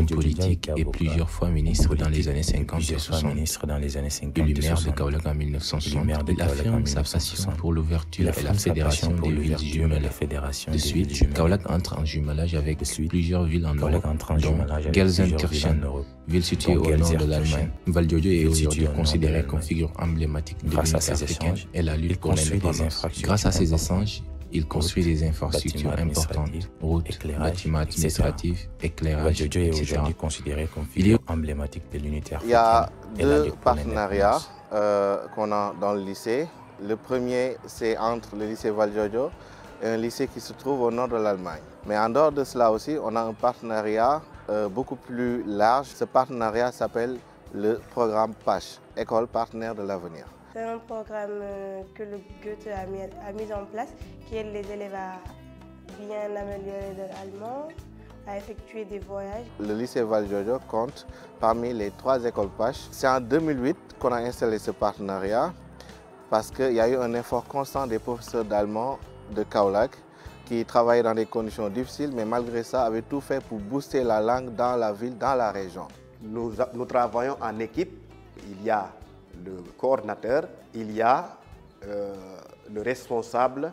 politique et plusieurs fois ministre dans les années 50 et 60. Il est maire de Kaolak en 1960. Il affirme sa passion pour l'ouverture et la fédération des villes jumelles. De suite, Kaolak entre en jumelage avec plusieurs villes en Europe, dont Gelsenkirchen, ville située au nord de l'Allemagne. Valdiodio est aujourd'hui considéré comme figure emblématique de l'Union africaine et la lutte pour l'indépendance. Grâce à ses échanges, il construit des infrastructures importantes, routes, bâtiments administratifs, éclairage, etc. est considéré comme emblématique de l'unité Il y a deux partenariats euh, qu'on a dans le lycée. Le premier, c'est entre le lycée Valjojo et un lycée qui se trouve au nord de l'Allemagne. Mais en dehors de cela aussi, on a un partenariat euh, beaucoup plus large. Ce partenariat s'appelle le programme PACH, École Partenaire de l'Avenir. C'est un programme euh, que le Goethe a mis, en place qui aide les élèves à bien améliorer leur allemand, à effectuer des voyages. Le lycée val compte parmi les trois écoles PACH. C'est en 2008 qu'on a installé ce partenariat parce qu'il y a eu un effort constant des professeurs d'allemand de Kaolac qui travaillaient dans des conditions difficiles, mais malgré ça, avaient tout fait pour booster la langue dans la ville, dans la région. Nous, nous travaillons en équipe. Il y a le coordinateur, il y a euh, le responsable,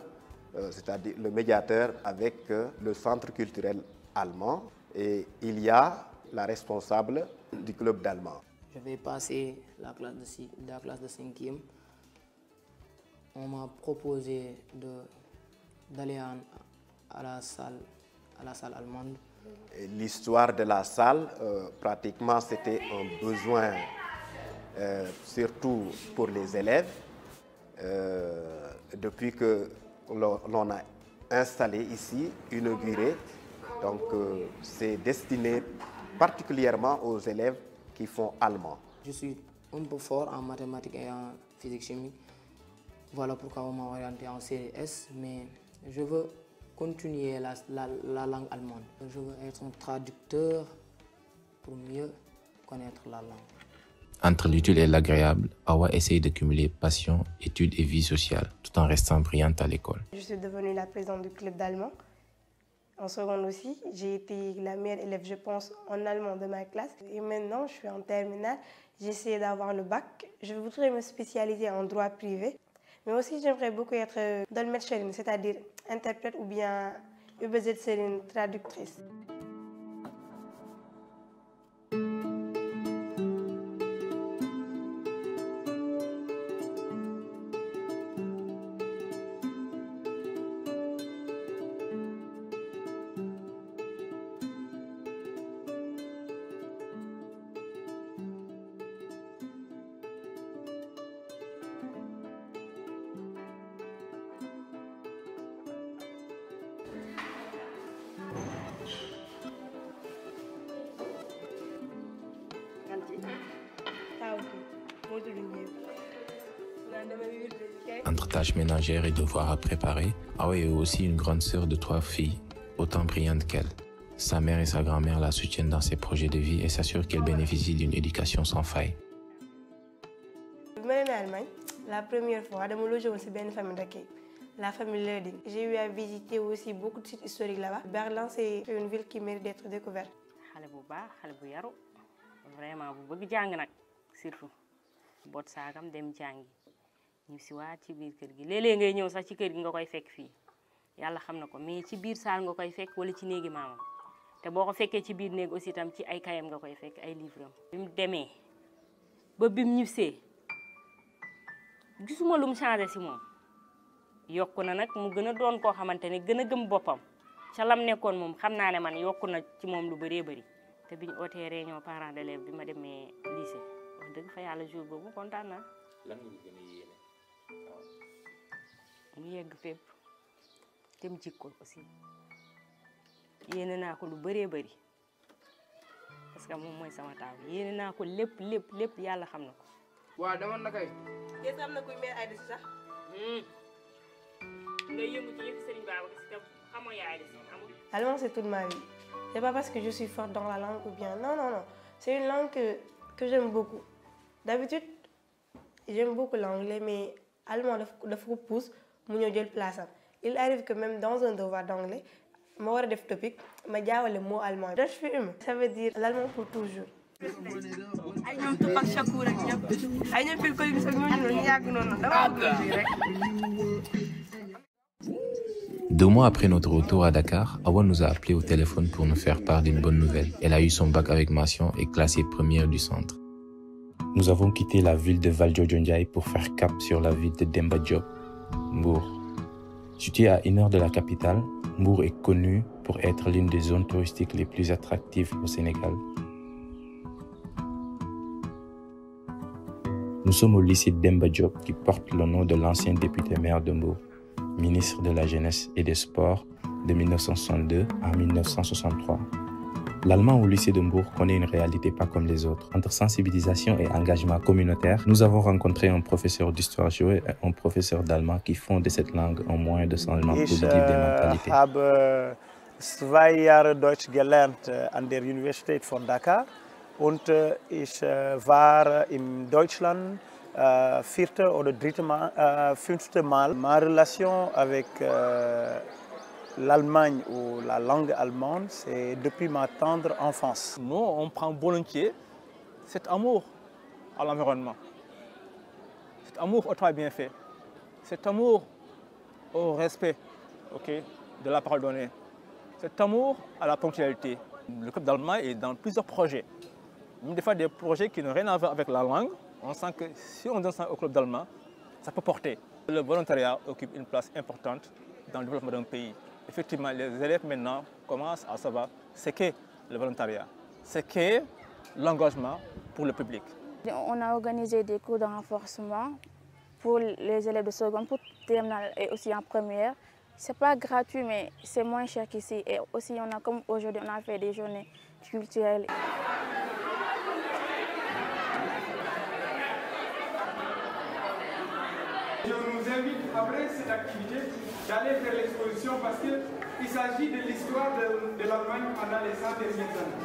euh, c'est-à-dire le médiateur avec euh, le centre culturel allemand et il y a la responsable du club d'allemand. Je vais passer la classe de, la classe de 5e. On m'a proposé d'aller à salle à la salle allemande. L'histoire de la salle, pratiquement, c'était un besoin euh, surtout pour les élèves. Euh, depuis que l'on a installé ici, inauguré, donc euh, c'est destiné particulièrement aux élèves qui font allemand. Je suis un peu fort en mathématiques et en physique chimie, Voilà pourquoi on m'a orienté en S, mais je veux continuer la langue allemande. Je veux être un traducteur pour mieux connaître la langue. Entre l'utile et l'agréable, Awa essaye d'accumuler cumuler passion, études et vie sociale, tout en restant brillante à l'école. Je suis devenue la présidente du club d'allemand. En seconde aussi, j'ai été la meilleure élève, je pense, en allemand de ma classe. Et maintenant, je suis en terminale. J'essaie d'avoir le bac. Je voudrais me spécialiser en droit privé. Mais aussi, j'aimerais beaucoup être euh, dolmetscherin, c'est-à-dire interprète ou bien UBZ, de une traductrice. et devoirs à préparer, Aoi ah est aussi une grande sœur de trois filles, autant brillante qu'elle. Sa mère et sa grand-mère la soutiennent dans ses projets de vie et s'assurent qu'elle bénéficie d'une éducation sans faille. Je en Allemagne La première fois, je suis une la famille d'accueil. La famille Lerding. J'ai eu à visiter aussi beaucoup de sites historiques là-bas. Berlin, c'est une ville qui mérite d'être découverte. vraiment bu surtout ñu si waat ci biir kër gi léeg-léeg ngay ñëw sax ci kër gi nga koy fekk fii yàlla xam na ko mais ci biir saal nga koy fekk wala ci néegi maamam te boo ko fekkee ci biir néeg aussi tam ci ay kayam nga koy fekk ay livre am bi mu demee ba bi mu ñibbisee gisuma lu mu changé si moom yokku na nag mu gën a doon koo xamante ne gën a gëm boppam ca lam nekkoon moom xam naa ne man yokku na ci moom lu bëree bëri te biñu ootee réunion parent d' élève bi ma demee lycée wax dëgg fa yàlla jour boobu kontaan naa mu yegg fépp te mu jik aussi yéene naa ko lu bëree bëri parce que moom mooy sama taaw yéene naa ko lépp lépp lépp yàlla xam na ko. waaw dama na kay. yéen am na kuy meer Aida Hmm. sax. nga yëngu ci yëf Serigne Babacar Sy te xamoo yaa des Sy amul. allemand c'est toute ma vie c'est pas parce que je suis forte dans la langue ou bien non non non c'est une langue que que j'aime beaucoup d'habitude j'aime beaucoup l'anglais mais allemand le pousse mu ñeu jël place il arrive que même dans un devoir d'anglais ma wara le def topic ma jaawale mot allemand je suis humain ça veut dire l'allemand pour toujours ay chaque ak ay non dama Deux mois après notre retour à Dakar, Awa nous a appelé au téléphone pour nous faire part d'une bonne nouvelle. Elle a eu son bac avec mention et classée première du centre. Nous avons quitté la ville de Valjojonjai pour faire cap sur la ville de Demba Diop, Mbour. Située à une heure de la capitale, Mbour est connue pour être l'une des zones touristiques les plus attractives au Sénégal. Nous sommes au lycée Demba qui porte le nom de l'ancien député maire de Mbour, ministre de la Jeunesse et des Sports de 1962 à 1963. L'allemand au lycée de connaît une réalité pas comme les autres. Entre sensibilisation et engagement communautaire, nous avons rencontré un professeur d'histoire jouée et un professeur d'allemand qui font de cette langue un moyen de changement positif des äh, mentalités. zwei Jahre Deutsch gelernt äh, an der Universität von Dakar und äh, ich war in Deutschland vierte oder dritte Mal, fünfte Mal. Ma relation avec l'Allemagne ou la langue allemande, c'est depuis ma tendre enfance. Nous, on prend volontiers cet amour à l'environnement, cet amour au travail bien fait, cet amour au respect de la parole donnée, cet amour à la ponctualité. Le club d'Allemagne est dans plusieurs projets. Même des fois des projets qui n'ont rien à voir avec la langue, on sent que si on donne ça au club d'Allemagne, ça peut porter. Le volontariat occupe une place importante dans le développement d'un pays effectivement, les élèves maintenant commencent à savoir ce qu'est le volontariat, ce qu'est l'engagement pour le public. On a organisé des cours de renforcement pour les élèves de seconde, pour terminale et aussi en première. C'est pas gratuit, mais c'est moins cher qu'ici. Et aussi, on a, comme aujourd'hui, on a fait des journées culturelles. Je vous invite prendre cette activité d'aller faire l'exposition parce qu'il s'agit de l'histoire de, l'Allemagne pendant les 100 dernières années.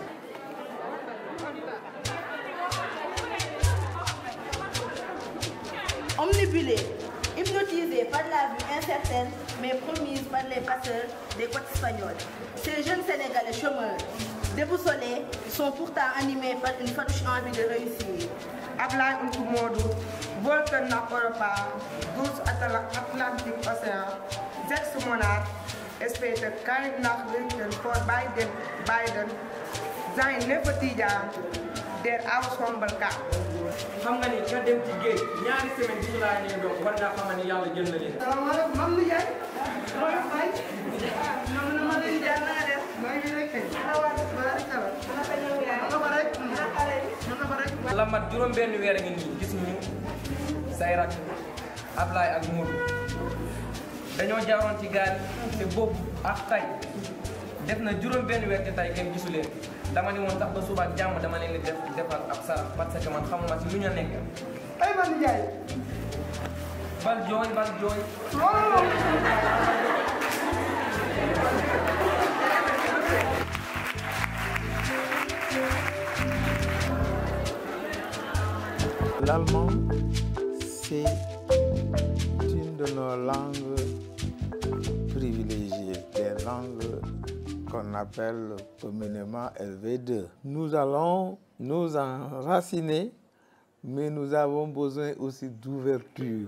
Omnibulé, hypnotisés par la vue incertaine mais promise par les passeurs des côtes espagnoles, ces jeunes Sénégalais chômeurs, déboussolés, sont pourtant animés par une farouche envie de réussir. Oukoumodou, volcan pas, douce Atlantique Océan, sechs Monat später kann nach Lincoln vorbei beiden sein Neffe Tidiane der ensemble ka xam nga ni nga dem ci géej ñaari semaine ci laa ñëw donc war ngaa xamal ni yàlla jël na leen. salaamaaleykum mam ma lay jaar na nga def. benn weer ngi nii gis ñu say rak Ablaye ak Modou. dañoo jaaroon ci gaal te boobu ak tay def na juróom benn weer tay kenn gisu leen dama ne woon sax ba suba ak jàmm dama leen di def defal ak sa parce que man xamuma si lu ñu nekk. ay man Ndiaye. bal jooy bal jooy. L'allemand, c'est une de nos langues qu'on appelle communément LV2. Nous allons nous enraciner, mais nous avons besoin aussi d'ouverture.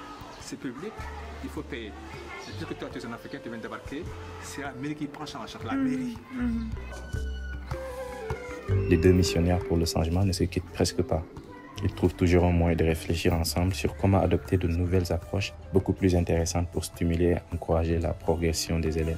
public, il faut payer. cest que toi, tu es débarquer, c'est la mairie qui prend en charge, la mm. mairie. Mm-hmm. Les deux missionnaires pour le changement ne se quittent presque pas. Ils trouvent toujours un moyen de réfléchir ensemble sur comment adopter de nouvelles approches beaucoup plus intéressantes pour stimuler et encourager la progression des élèves.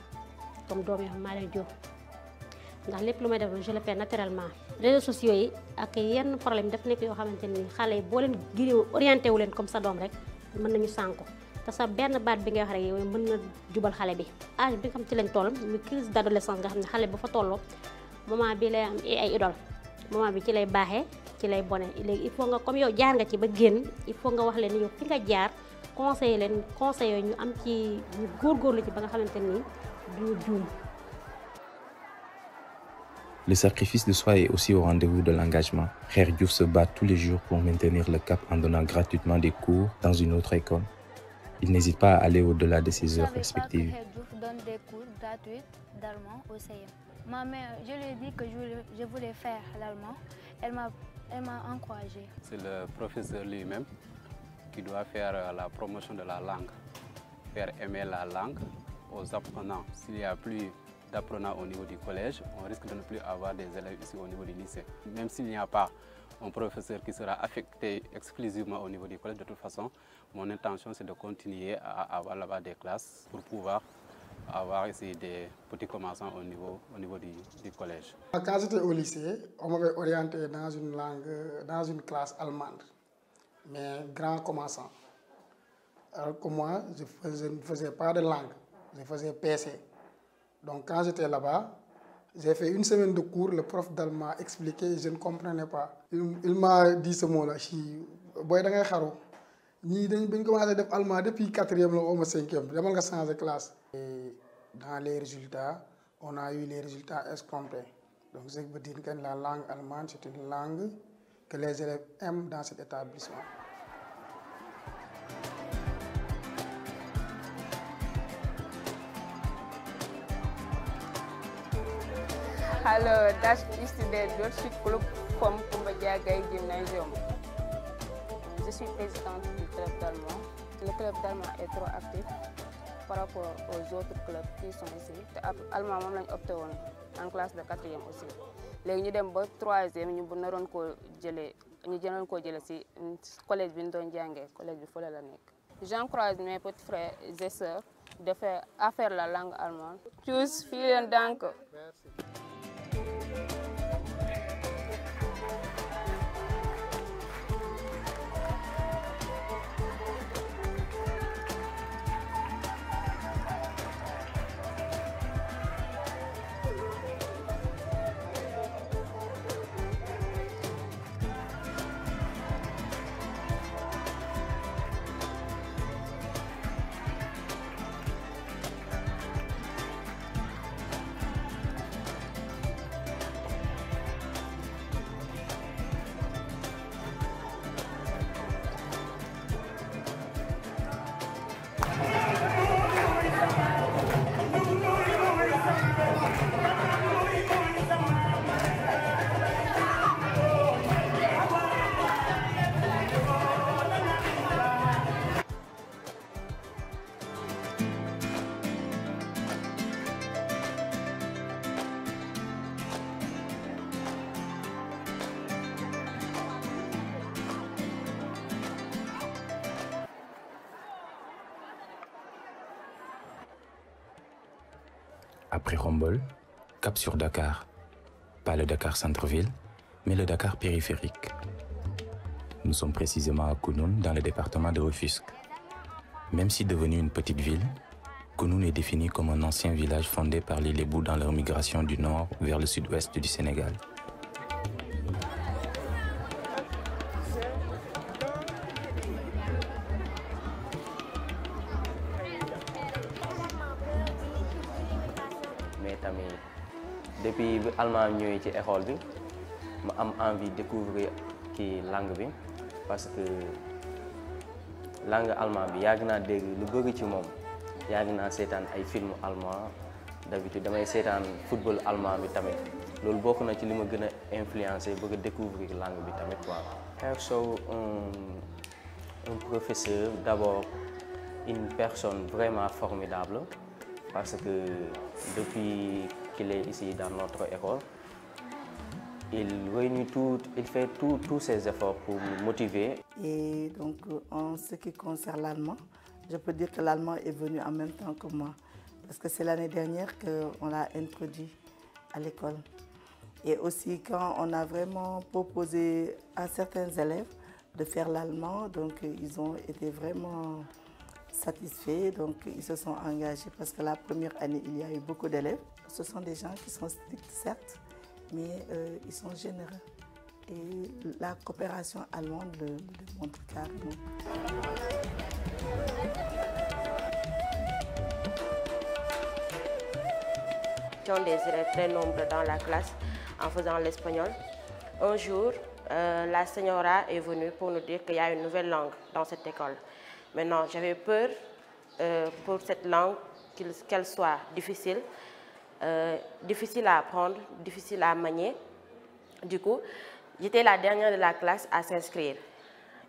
comme doomi ya, yoo xam maa ndax lepp lu may ya, def je le fais naturellement réseaux sociaux yi ak yenn problème def nek yo xamanteni xalé bo len boo orienté wu len comme sa dom rek mën nañu sanko ta sa benn baat bi nga wax rek yow mën na jubal xalé bi âge bi xam ci leen toll ni crise d'adolescence nga xamni xalé xale fa tolloo moment bi lay am ay idole moment bi ci lay baxé ci lay boné il faut nga comme yow jaar nga ci ba génn il faut nga wax len yow fi nga jaar conseiller len conseiller yooyu ñu am ci ñu lu ci ba nga xamanteni Le sacrifice de soi est aussi au rendez-vous de l'engagement. Khair Diouf se bat tous les jours pour maintenir le cap en donnant gratuitement des cours dans une autre école. Il n'hésite pas à aller au-delà de ses heures respectives. donne des cours gratuits d'allemand au Ma mère, je lui ai dit que je voulais, faire l'allemand. Elle m'a, elle m'a encouragée. C'est le professeur lui-même qui doit faire euh, la promotion de la langue, faire aimer la langue aux apprenants. S'il n'y a plus d'apprenants au niveau du collège, on risque de ne plus avoir des élèves ici au niveau du lycée. Même s'il n'y a pas un professeur qui sera affecté exclusivement au niveau du collège, de toute façon, mon intention c'est de continuer à avoir là-bas des classes pour pouvoir avoir ici des petits commençants au niveau, au niveau du, collège. Quand j'étais au lycée, on m'avait orienté dans une langue, dans une classe allemande, mais grand commençant. Alors que moi, je ne faisais, pas de langue je faisais PC. Donc quand j'étais là-bas, j'ai fait une semaine de cours, le prof d'allemand expliquait, je ne comprenais pas. Il, m'a dit ce mot-là, si suis boy dangay xaro ni dañ bañ commencé def allemand depuis 4e ou le 5e, demal nga changer classe. Et dans les résultats, on a eu les résultats escomptés. Donc je veux dire que la langue allemande, c'est une langue que les élèves aiment dans cet établissement. Hello, Club Je suis présidente du club d'allemand. Le club d'allemand est trop actif par rapport aux autres clubs qui sont ici. Allemand, opté en classe de 4e aussi. collège collège mes petits frères et sœurs de faire affaire la langue allemande. Tous, vielen Dank. Thank you. Rombol, cap sur Dakar. Pas le Dakar centre-ville, mais le Dakar périphérique. Nous sommes précisément à Kounoun, dans le département de Rufisque. Même si devenue une petite ville, Kounoun est défini comme un ancien village fondé par les Lébous dans leur migration du nord vers le sud-ouest du Sénégal. depuis que allemand ñëwee ci école bi ma am envie découvrir la langue parce que langue allemand bi yàgg des le lu bëri ci moom yàgg naa seetaan ay film allemand d'habitude damay de football allemand bi tamit qui bokk ma gën influencé pour découvrir la langue bi tamit quoi. un professeur d'abord une personne vraiment formidable parce que depuis il est ici dans notre école. Il tout, il fait tous ses efforts pour motiver. Et donc, en ce qui concerne l'allemand, je peux dire que l'allemand est venu en même temps que moi. Parce que c'est l'année dernière qu'on l'a introduit à l'école. Et aussi, quand on a vraiment proposé à certains élèves de faire l'allemand, donc ils ont été vraiment satisfaits, donc ils se sont engagés parce que la première année, il y a eu beaucoup d'élèves ce sont des gens qui sont stricts, certes, mais euh, ils sont généreux. Et la coopération allemande le, le montre carrément. des élèves très nombreux dans la classe en faisant l'espagnol. Un jour, euh, la señora est venue pour nous dire qu'il y a une nouvelle langue dans cette école. Maintenant, j'avais peur euh, pour cette langue qu'elle soit difficile, euh, difficile à apprendre, difficile à manier. Du coup, j'étais la dernière de la classe à s'inscrire.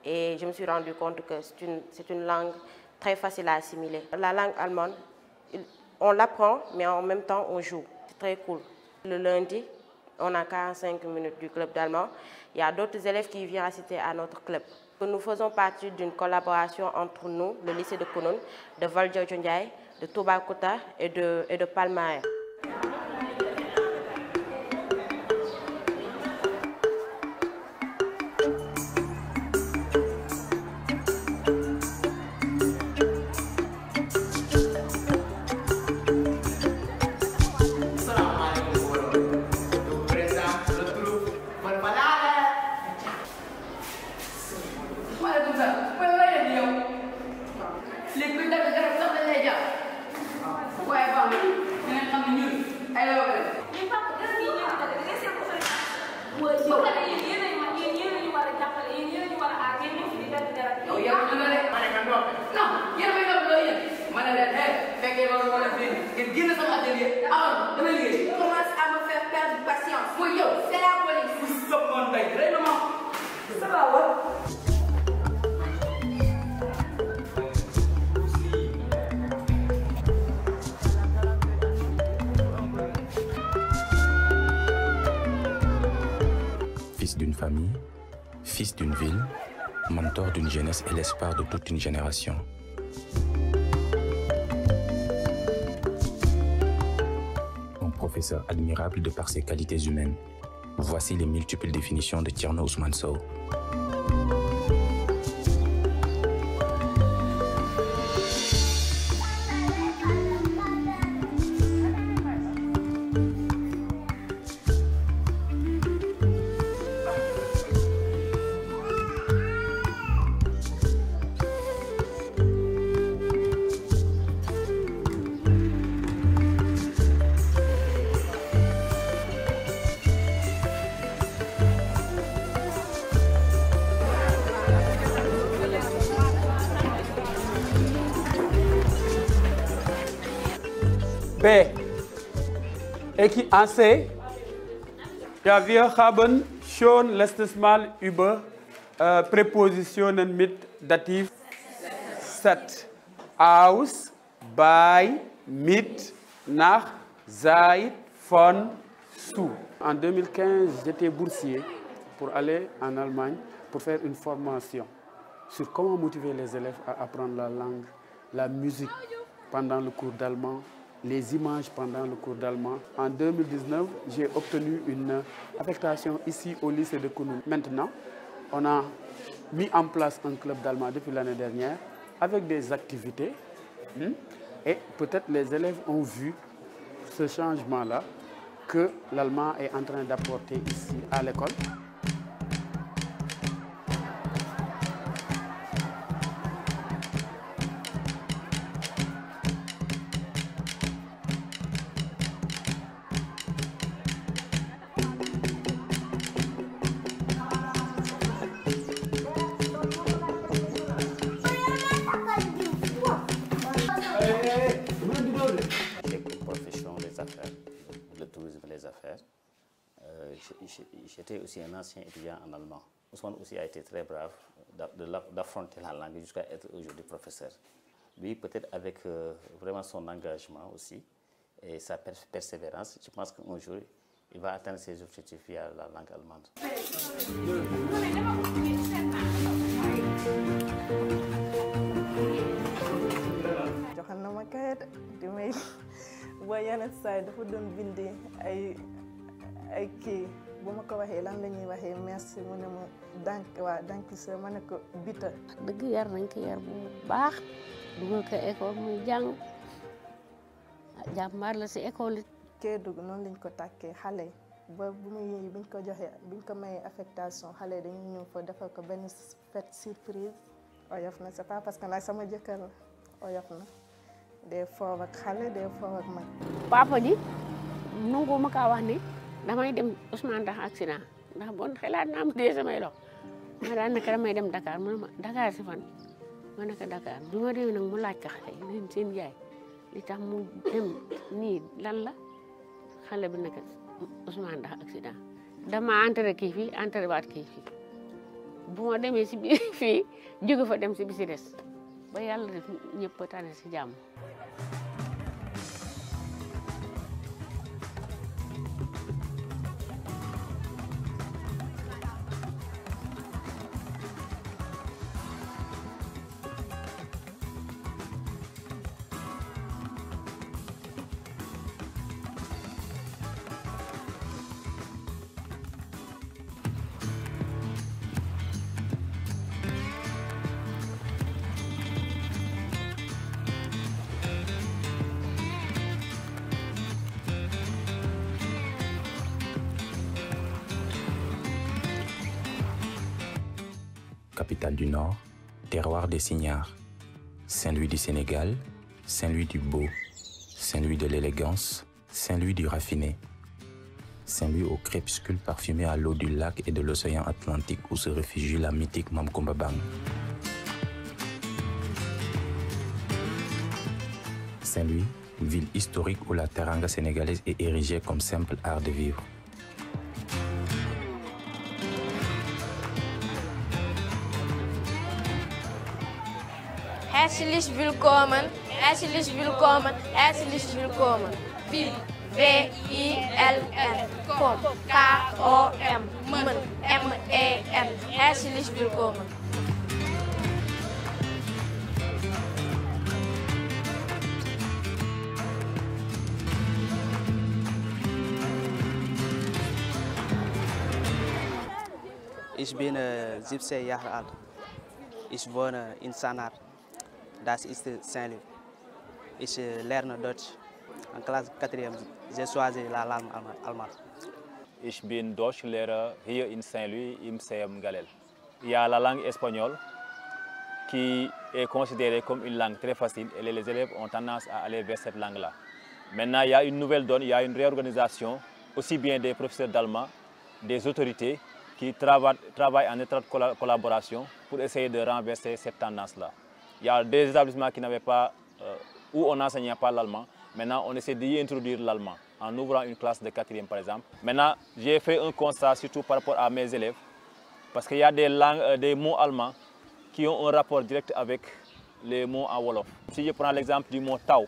Et je me suis rendu compte que c'est une, une, langue très facile à assimiler. La langue allemande, on l'apprend, mais en même temps, on joue. C'est très cool. Le lundi, on a 45 minutes du club d'allemand. Il y a d'autres élèves qui viennent assister à notre club. Nous faisons partie d'une collaboration entre nous, le lycée de Kounoun, de Valdiao de Touba et de, et de Yeah. d'une famille, fils d'une ville, mentor d'une jeunesse et l'espoir de toute une génération. Un professeur admirable de par ses qualités humaines. Voici les multiples définitions de Tierno Ousmane schon letztes Mal über äh, mit set, aus, bei, mit, nach, seit, von, zu. En 2015, j'étais boursier pour aller en Allemagne pour faire une formation sur comment motiver les élèves à apprendre la langue, la musique pendant le cours d'allemand, les images pendant le cours d'allemand. En 2019, j'ai obtenu une affectation ici au lycée de Kounou. Maintenant, on a mis en place un club d'allemand depuis l'année dernière avec des activités. Hmm, et peut-être les élèves ont vu ce changement-là que l'allemand est en train d'apporter ici à l'école. aussi a été très brave d'affronter la langue jusqu'à être aujourd'hui professeur. Lui, peut-être avec euh, vraiment son engagement aussi et sa persévérance, je pense qu'un jour, il va atteindre ses objectifs via la langue allemande. (laughs) bu ma ko waxee lan la ñuy waxee merci mu ne ma dank waa dank sa ma ne ko bita dëgg yar nañ ko yar bu baax dugal ko école muy jàng jàmbaar la si école it kee dugg noonu lañ ko tàkkee xale ba bu muy biñ ko joxee biñ ko mayee affectation xale dañu ñëw fa defal ko benn fête surprise oyof na c'est pas parce que nag sama jëkkër la oyof na des foofu xale des foofu ak papa ji nangu ma kaa wax ne damay dem Ousmane ndax accident ndax bon xelaat naa samay loxo ma daan naka damay dem Dakar mu ne ma Dakar si fan ma ne Dakar bi ma demee nag mu laaj ka xale yi seen yaay li tax lan la xale bi naka Ousmane ndax accident dama entré kii fii entré waat kii fii bu ma demee si biir (laughs) fii jóge fa dem si bi si des ba yàlla def ñëpp tane si jàmm Saint-Louis du Sénégal, Saint-Louis du Beau, Saint-Louis de l'Élégance, Saint-Louis du Raffiné, Saint-Louis au crépuscule parfumé à l'eau du lac et de l'océan Atlantique où se réfugie la mythique Mamkumbabang. Saint-Louis, ville historique où la teranga sénégalaise est érigée comme simple art de vivre. Herzlich willkommen, herzlich willkommen, herzlich willkommen. v W-I-L-N, kom, K-O-M, M-E-N, herzlich willkommen. Is binnen 17 eh, jaar oud. Is woon eh, in Sanar, dans Saint-Louis. Je lerne Deutsch. En classe 4e, j'ai choisi la langue allemande. Je Ich bin Je hier in Saint-Louis im CM Galel. Il y a la langue espagnole qui est considérée comme une langue très facile et les élèves ont tendance à aller vers cette langue-là. Maintenant, il y a une nouvelle donne, il y a une réorganisation, aussi bien des professeurs d'allemand, des autorités qui travaillent en étroite collaboration pour essayer de renverser cette tendance-là. Il y a des établissements qui n'avaient pas, euh, où on n'enseignait pas l'allemand. Maintenant, on essaie d'y introduire l'allemand en ouvrant une classe de quatrième, par exemple. Maintenant, j'ai fait un constat, surtout par rapport à mes élèves, parce qu'il y a euh, des, mots allemands qui ont un rapport direct avec les mots en Wolof. Si je prends l'exemple du mot Tau,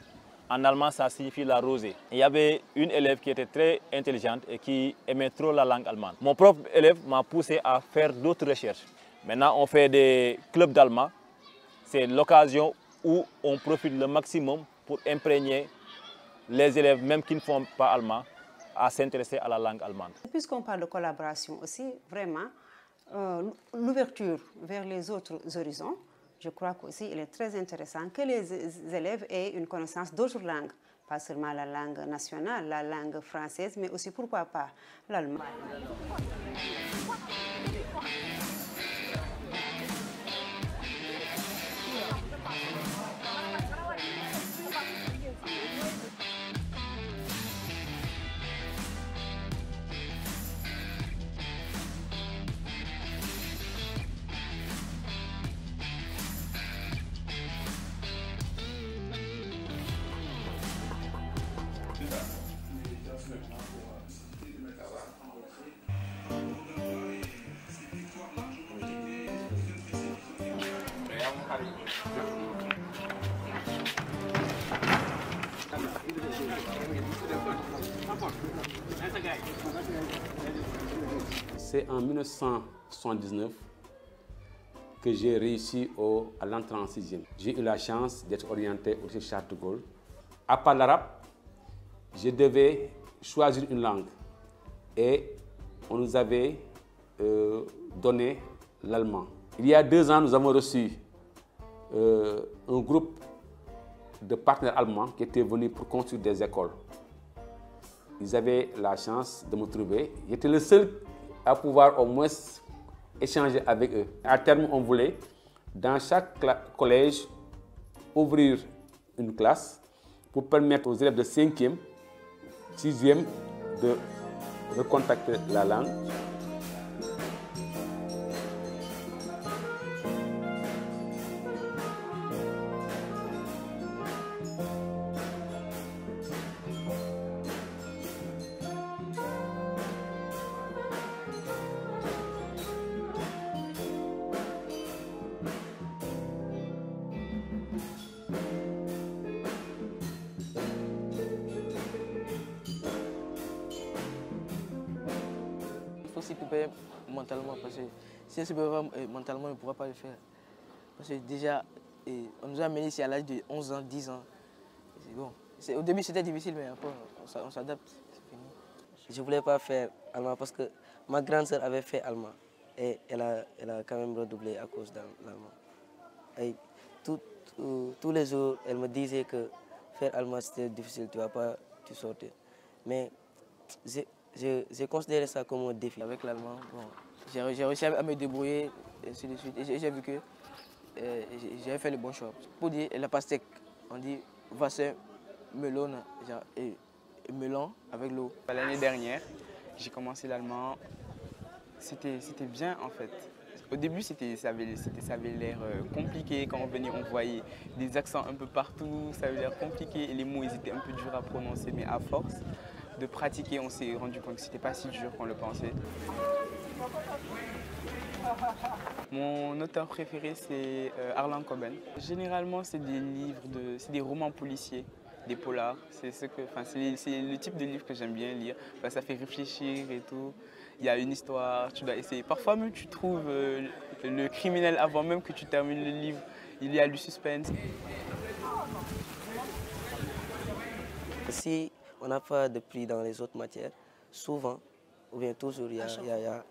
en allemand, ça signifie la rosée. Il y avait une élève qui était très intelligente et qui aimait trop la langue allemande. Mon propre élève m'a poussé à faire d'autres recherches. Maintenant, on fait des clubs d'allemand c'est l'occasion où on profite le maximum pour imprégner les élèves, même qui ne font pas allemand, à s'intéresser à la langue allemande. Puisqu'on parle de collaboration aussi, vraiment, euh, l'ouverture vers les autres horizons, je crois qu'il il est très intéressant que les élèves aient une connaissance d'autres langues, pas seulement la langue nationale, la langue française, mais aussi, pourquoi pas, l'allemand. 1979 que j'ai réussi au, à l'entrée en sixième. J'ai eu la chance d'être orienté au château Charles de Gaulle. À part l'arabe, je devais choisir une langue et on nous avait euh, donné l'allemand. Il y a deux ans, nous avons reçu euh, un groupe de partenaires allemands qui étaient venus pour construire des écoles. Ils avaient la chance de me trouver. J'étais le seul à pouvoir au moins échanger avec eux. À terme, on voulait, dans chaque collège, ouvrir une classe pour permettre aux élèves de 5e, 6e de, recontacter la langue. parce que si elle se prépare eh, mentalement, elle ne pourra pas le faire. Parce que déjà, eh, on nous a amenés ici à l'âge de 11 ans, 10 ans. C'est Au début, c'était difficile, mais après, on s'adapte. Je ne voulais pas faire allemand parce que ma grande sœur avait fait allemand. Et elle a, elle a quand même redoublé à cause l'allemand. Et tous les jours, elle me disait que faire allemand, c'était difficile, tu ne vas pas tu sortir. Mais j'ai considéré ça comme un défi. Avec l'allemand, bon, j'ai réussi à me débrouiller, de suite. Et j'ai vu que euh, j'avais fait le bon choix. Pour dire la pastèque, on dit vassin, melon, et, melon avec l'eau. L'année dernière, j'ai commencé l'allemand. C'était bien en fait. Au début, ça avait, avait l'air euh, compliqué. Quand on venait, on voyait des accents un peu partout. Ça avait l'air compliqué. les mots, étaient un peu durs à prononcer. Mais à force de pratiquer, on s'est rendu compte que ce n'était pas si dur qu'on le pensait. Mon auteur préféré, c'est euh, Arlan Coben. Généralement, c'est des livres, de, c'est des romans policiers, des polars. C'est, ce que, enfin, c'est, le type de livre que j'aime bien lire. ça fait réfléchir et tout. Il y a une histoire, tu dois essayer. Parfois même, tu trouves euh, le criminel avant même que tu termines le livre. Il y a du suspense. Si on n'a pas de prix dans les autres matières, souvent, ou bien toujours, il y a,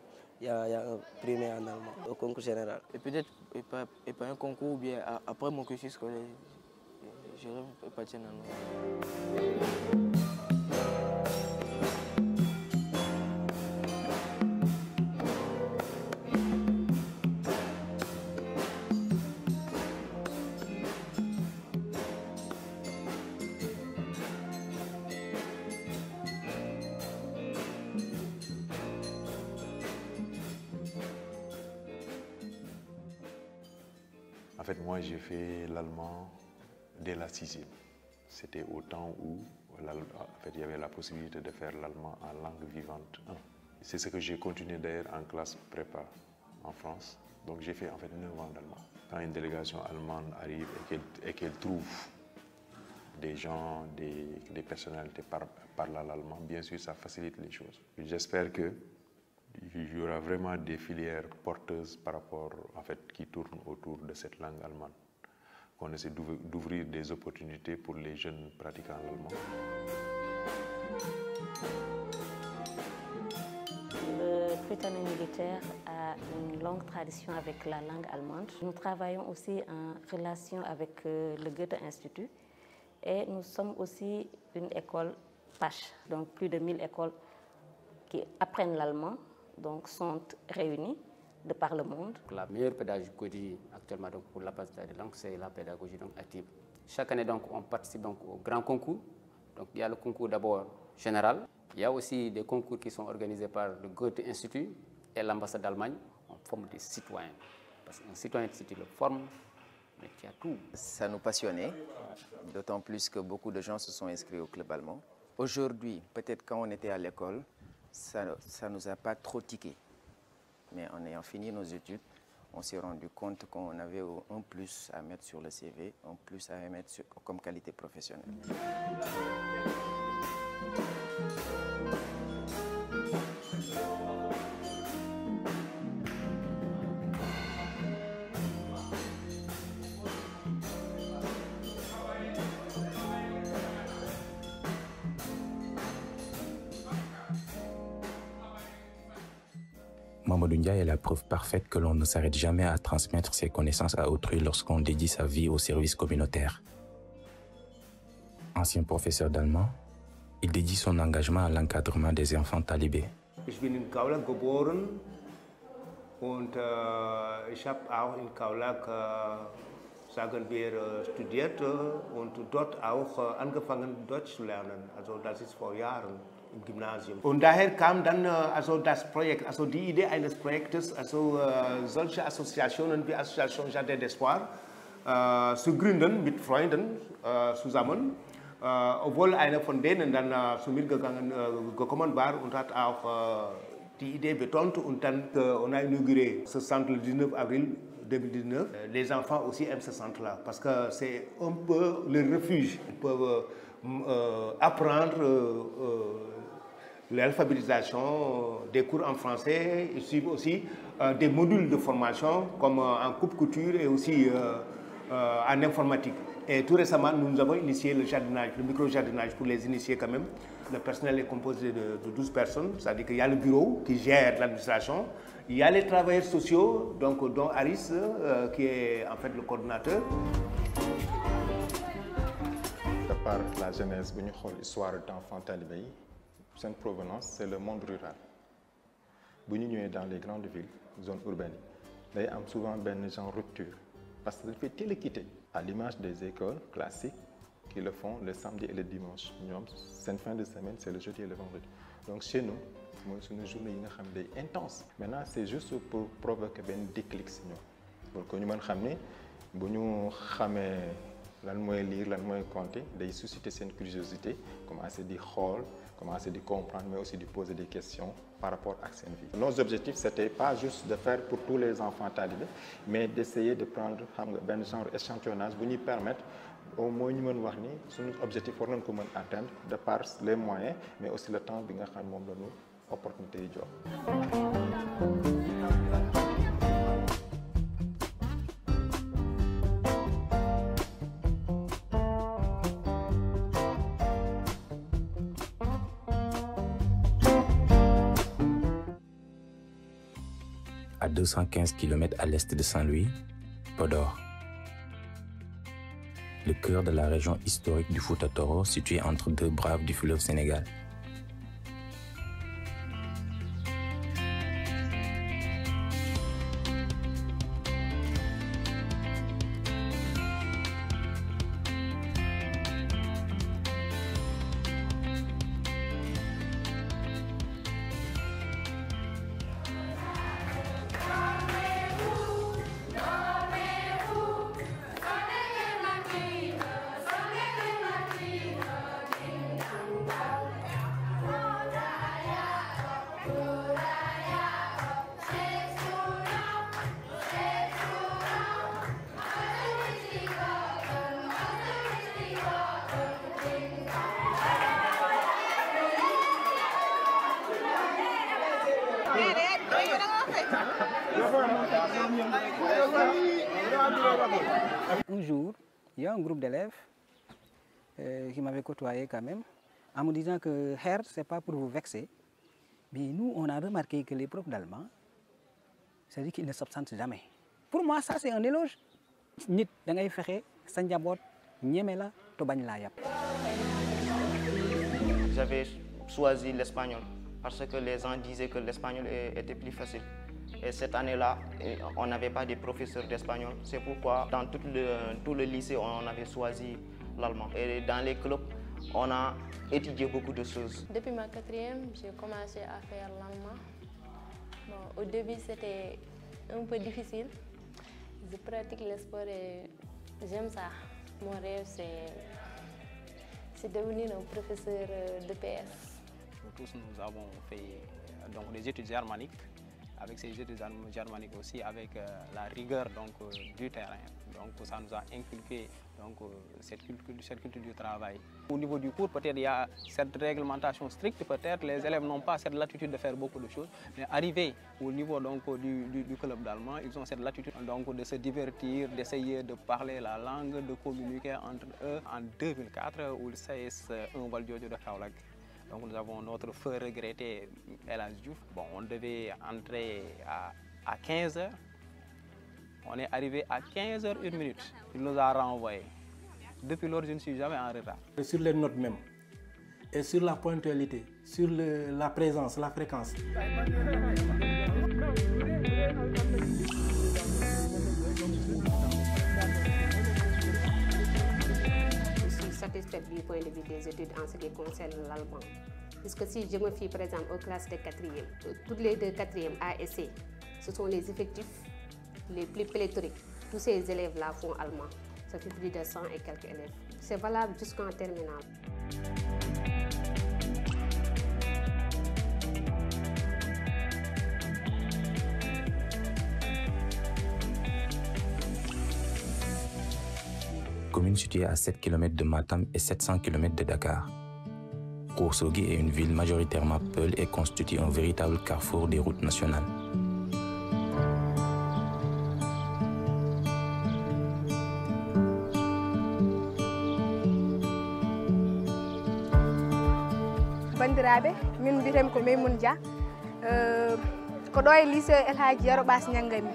il y, a, un premier en Allemagne, au concours général. Et peut-être et pas, et pas un concours, ou bien après mon cursus scolaire, je rêve de partir en allemand. Moi, j'ai fait l'allemand dès la sixième. C'était au temps où en fait, il y avait la possibilité de faire l'allemand en langue vivante C'est ce que j'ai continué d'ailleurs en classe prépa en France. Donc j'ai fait en fait 9 ans d'allemand. Quand une délégation allemande arrive et qu'elle trouve des gens, des, des personnalités parlant l'allemand, bien sûr, ça facilite les choses. J'espère que il y aura vraiment des filières porteuses par rapport, en fait, qui tournent autour de cette langue allemande. On essaie d'ouvrir des opportunités pour les jeunes pratiquants allemands. Le plutôt militaire a une longue tradition avec la langue allemande. Nous travaillons aussi en relation avec euh, le Goethe-Institut et nous sommes aussi une école PACH, donc plus de 1000 écoles qui apprennent l'allemand donc, sont réunis de par le monde. La meilleure pédagogie actuellement donc, pour l'apprentissage des langues, c'est la pédagogie donc, active. Chaque année, donc, on participe donc, au grand concours. Donc, il y a le concours d'abord général. Il y a aussi des concours qui sont organisés par le Goethe Institut et l'ambassade d'Allemagne. en forme des citoyens. Parce qu'un citoyen, c'est une forme, mais mais y a tout. Ça nous passionnait, d'autant plus que beaucoup de gens se sont inscrits au club allemand. Aujourd'hui, peut-être quand on était à l'école, ça ne nous a pas trop tiqué. Mais en ayant fini nos études, on s'est rendu compte qu'on avait un plus à mettre sur le CV, un plus à mettre comme qualité professionnelle. est la preuve parfaite que l'on ne s'arrête jamais à transmettre ses connaissances à autrui lorsqu'on dédie sa vie au service communautaire. Ancien professeur d'allemand, il dédie son engagement à l'encadrement des enfants talibés. Äh, ich bin in Kaulak äh, geboren äh, und ich Kaulak, studiert und im Gymnasium. Und daher kam dann äh, also das Projekt, also die Idee eines Projektes, also äh, solche Assoziationen wie Association Jardin d'Espoir äh, zu gründen mit Freunden zusammen. obwohl einer von denen dann zu mir gegangen, gekommen war und hat auch die Idee betont und dann on a inauguré ce centre le 19 avril 2019. Les enfants aussi aiment ce centre-là parce que c'est un peu le refuge. Ils peuvent euh, euh apprendre euh, euh, l'alphabétisation euh, des cours en français. Ils suivent aussi euh, des modules de formation comme euh, en coupe couture et aussi en informatique. Et tout récemment, nous avons initié le jardinage, le micro-jardinage pour les initier quand même. Le personnel est composé de, 12 personnes, c'est-à-dire qu'il y a le bureau qui gère l'administration, il y a les travailleurs sociaux, donc dont Aris, qui est en fait le coordinateur. par la jeunesse son provenance c'est le monde rural bu nous sommes dans les grandes villes zones urbaines nous day am souvent gens genre rupture parce que dafay teel quitté à l'image des écoles classiques qui le font le samedi et le dimanche c'est une fin de semaine c'est le jeudi et le vendredi donc chez nous ce suñu journée yi nga xam intense maintenant c'est juste pour provoquer des déclic ci pour que ñu mën xamné lan lire lan mooy compter day susciter cette curiosité commencer di xool commencer di comprendre mais aussi de poser des questions par rapport à seen vie. nos objectifs c'était pas juste de faire pour tous les enfants talibés mais d'essayer de prendre un nga genre échantillonnage bu nous permettre au moins ñu mën wax ni suñu objectif war nañ atteindre de par les moyens mais aussi le temps bi nga xam la ñu opportunité 215 km à l'est de Saint-Louis, Podor. Le cœur de la région historique du Toro, située entre deux braves du fleuve Sénégal. quand même, en me disant que Herr, c'est pas pour vous vexer. Mais nous, on a remarqué que les profs d'allemand, cest à qu'ils ne s'absentent jamais. Pour moi, ça, c'est un éloge. nit da la J'avais choisi l'espagnol parce que les gens disaient que l'espagnol était plus facile. Et cette année-là, on n'avait pas de professeurs d'espagnol. C'est pourquoi dans tout le, tout le lycée, on avait choisi l'allemand. Et dans les clubs, on a étudié beaucoup de choses. Depuis ma quatrième, j'ai commencé à faire l'allemand. au début, c'était un peu difficile. Je pratique le sport et j'aime ça. Mon rêve, c'est de devenir un professeur euh, de PS. Tous nous avons fait euh, donc, des études germaniques. Avec ces études germaniques aussi, avec euh, la rigueur donc, du terrain. Donc ça nous a inculqué donc, euh, cette culture, du travail. Au niveau du cours, peut-être il y a cette réglementation stricte, peut-être les élèves n'ont pas cette latitude de faire beaucoup de choses, mais arrivé au niveau donc, du, club d'allemand, ils ont cette latitude donc, de se divertir, d'essayer de parler la langue, de communiquer entre eux. En 2004, au CS 1 de Kaolag, donc nous avons notre feu regretté, El Diouf. Bon, on devait entrer à, 15 h on est arrivé à 15h01. Il nous a renvoyés. Depuis lors, je ne suis jamais en retard. sur les notes même, et sur la ponctualité, sur la présence, la fréquence. Je suis satisfaite du point de vue des études en ce qui concerne l'allemand. Puisque si je me fie par aux classes de 4e, euh, toutes les deux quatrièmes A et C, ce sont les effectifs les plus pléthoriques. Tous ces élèves-là font allemand, Ça fait plus de 100 et quelques élèves. C'est valable jusqu'en terminale. Commune située à 7 km de Matam et 700 km de Dakar. Koursogi est une ville majoritairement peule et constitue un véritable carrefour des routes nationales. bandiraɓe min mbiyetemi ko maymoun dia euh, ko ɗo e lycée el haji yaro ɓas ñanggami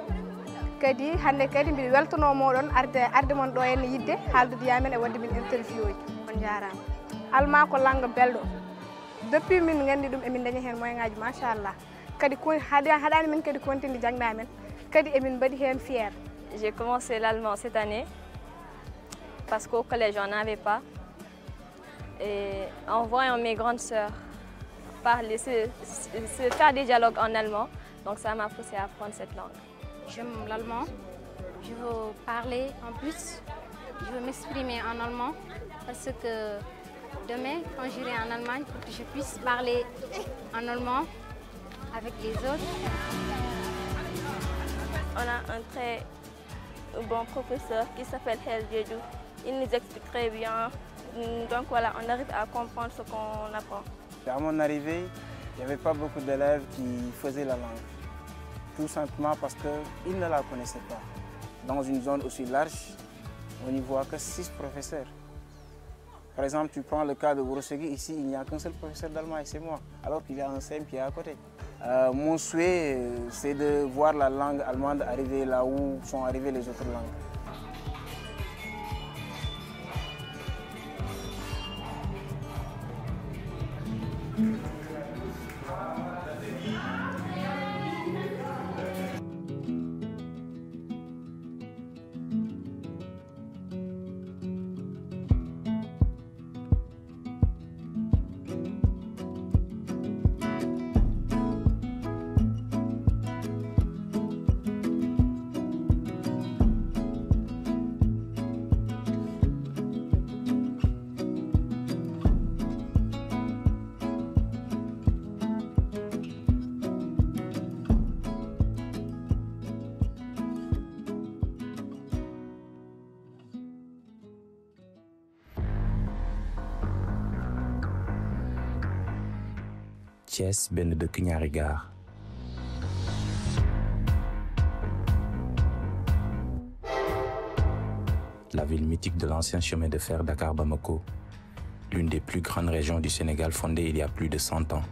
kadi hande kadi mbiɗa weltono moɗon arde arde mon ɗo henna yidde haaldude yamen e wadde min interview ji on jarama alma ko langga belɗo depuis min gandi ɗum emin daña hen moyen ngaji machallah kadi haɗani min kadi continue jangdamen kadi emin mbaɗi hen fier j'ai commencé l'allemand cette année parce qu'au collège on n'avait pas et en voyant mes grandes sœurs parler, se, faire des dialogues en allemand. Donc ça m'a poussé à apprendre cette langue. J'aime l'allemand. Je veux parler en plus. Je veux m'exprimer en allemand parce que demain, quand j'irai en Allemagne, pour que je puisse parler en allemand avec les autres. On a un très bon professeur qui s'appelle Hel Il nous explique très bien. Donc voilà, on arrive à comprendre ce qu'on apprend. À mon arrivée, il n'y avait pas beaucoup d'élèves qui faisaient la langue. Tout simplement parce qu'ils ne la connaissaient pas. Dans une zone aussi large, on n'y voit que six professeurs. Par exemple, tu prends le cas de Borosegui, ici, il n'y a qu'un seul professeur d'allemand et c'est moi, alors qu'il y a un simple qui est à côté. Euh, mon souhait, euh, c'est de voir la langue allemande arriver là où sont arrivées les autres langues. 嗯。la ville mythique de l'ancien chemin de fer Dakar-Bamako, l'une des plus grandes régions du Sénégal fondée il y a plus de 100 ans.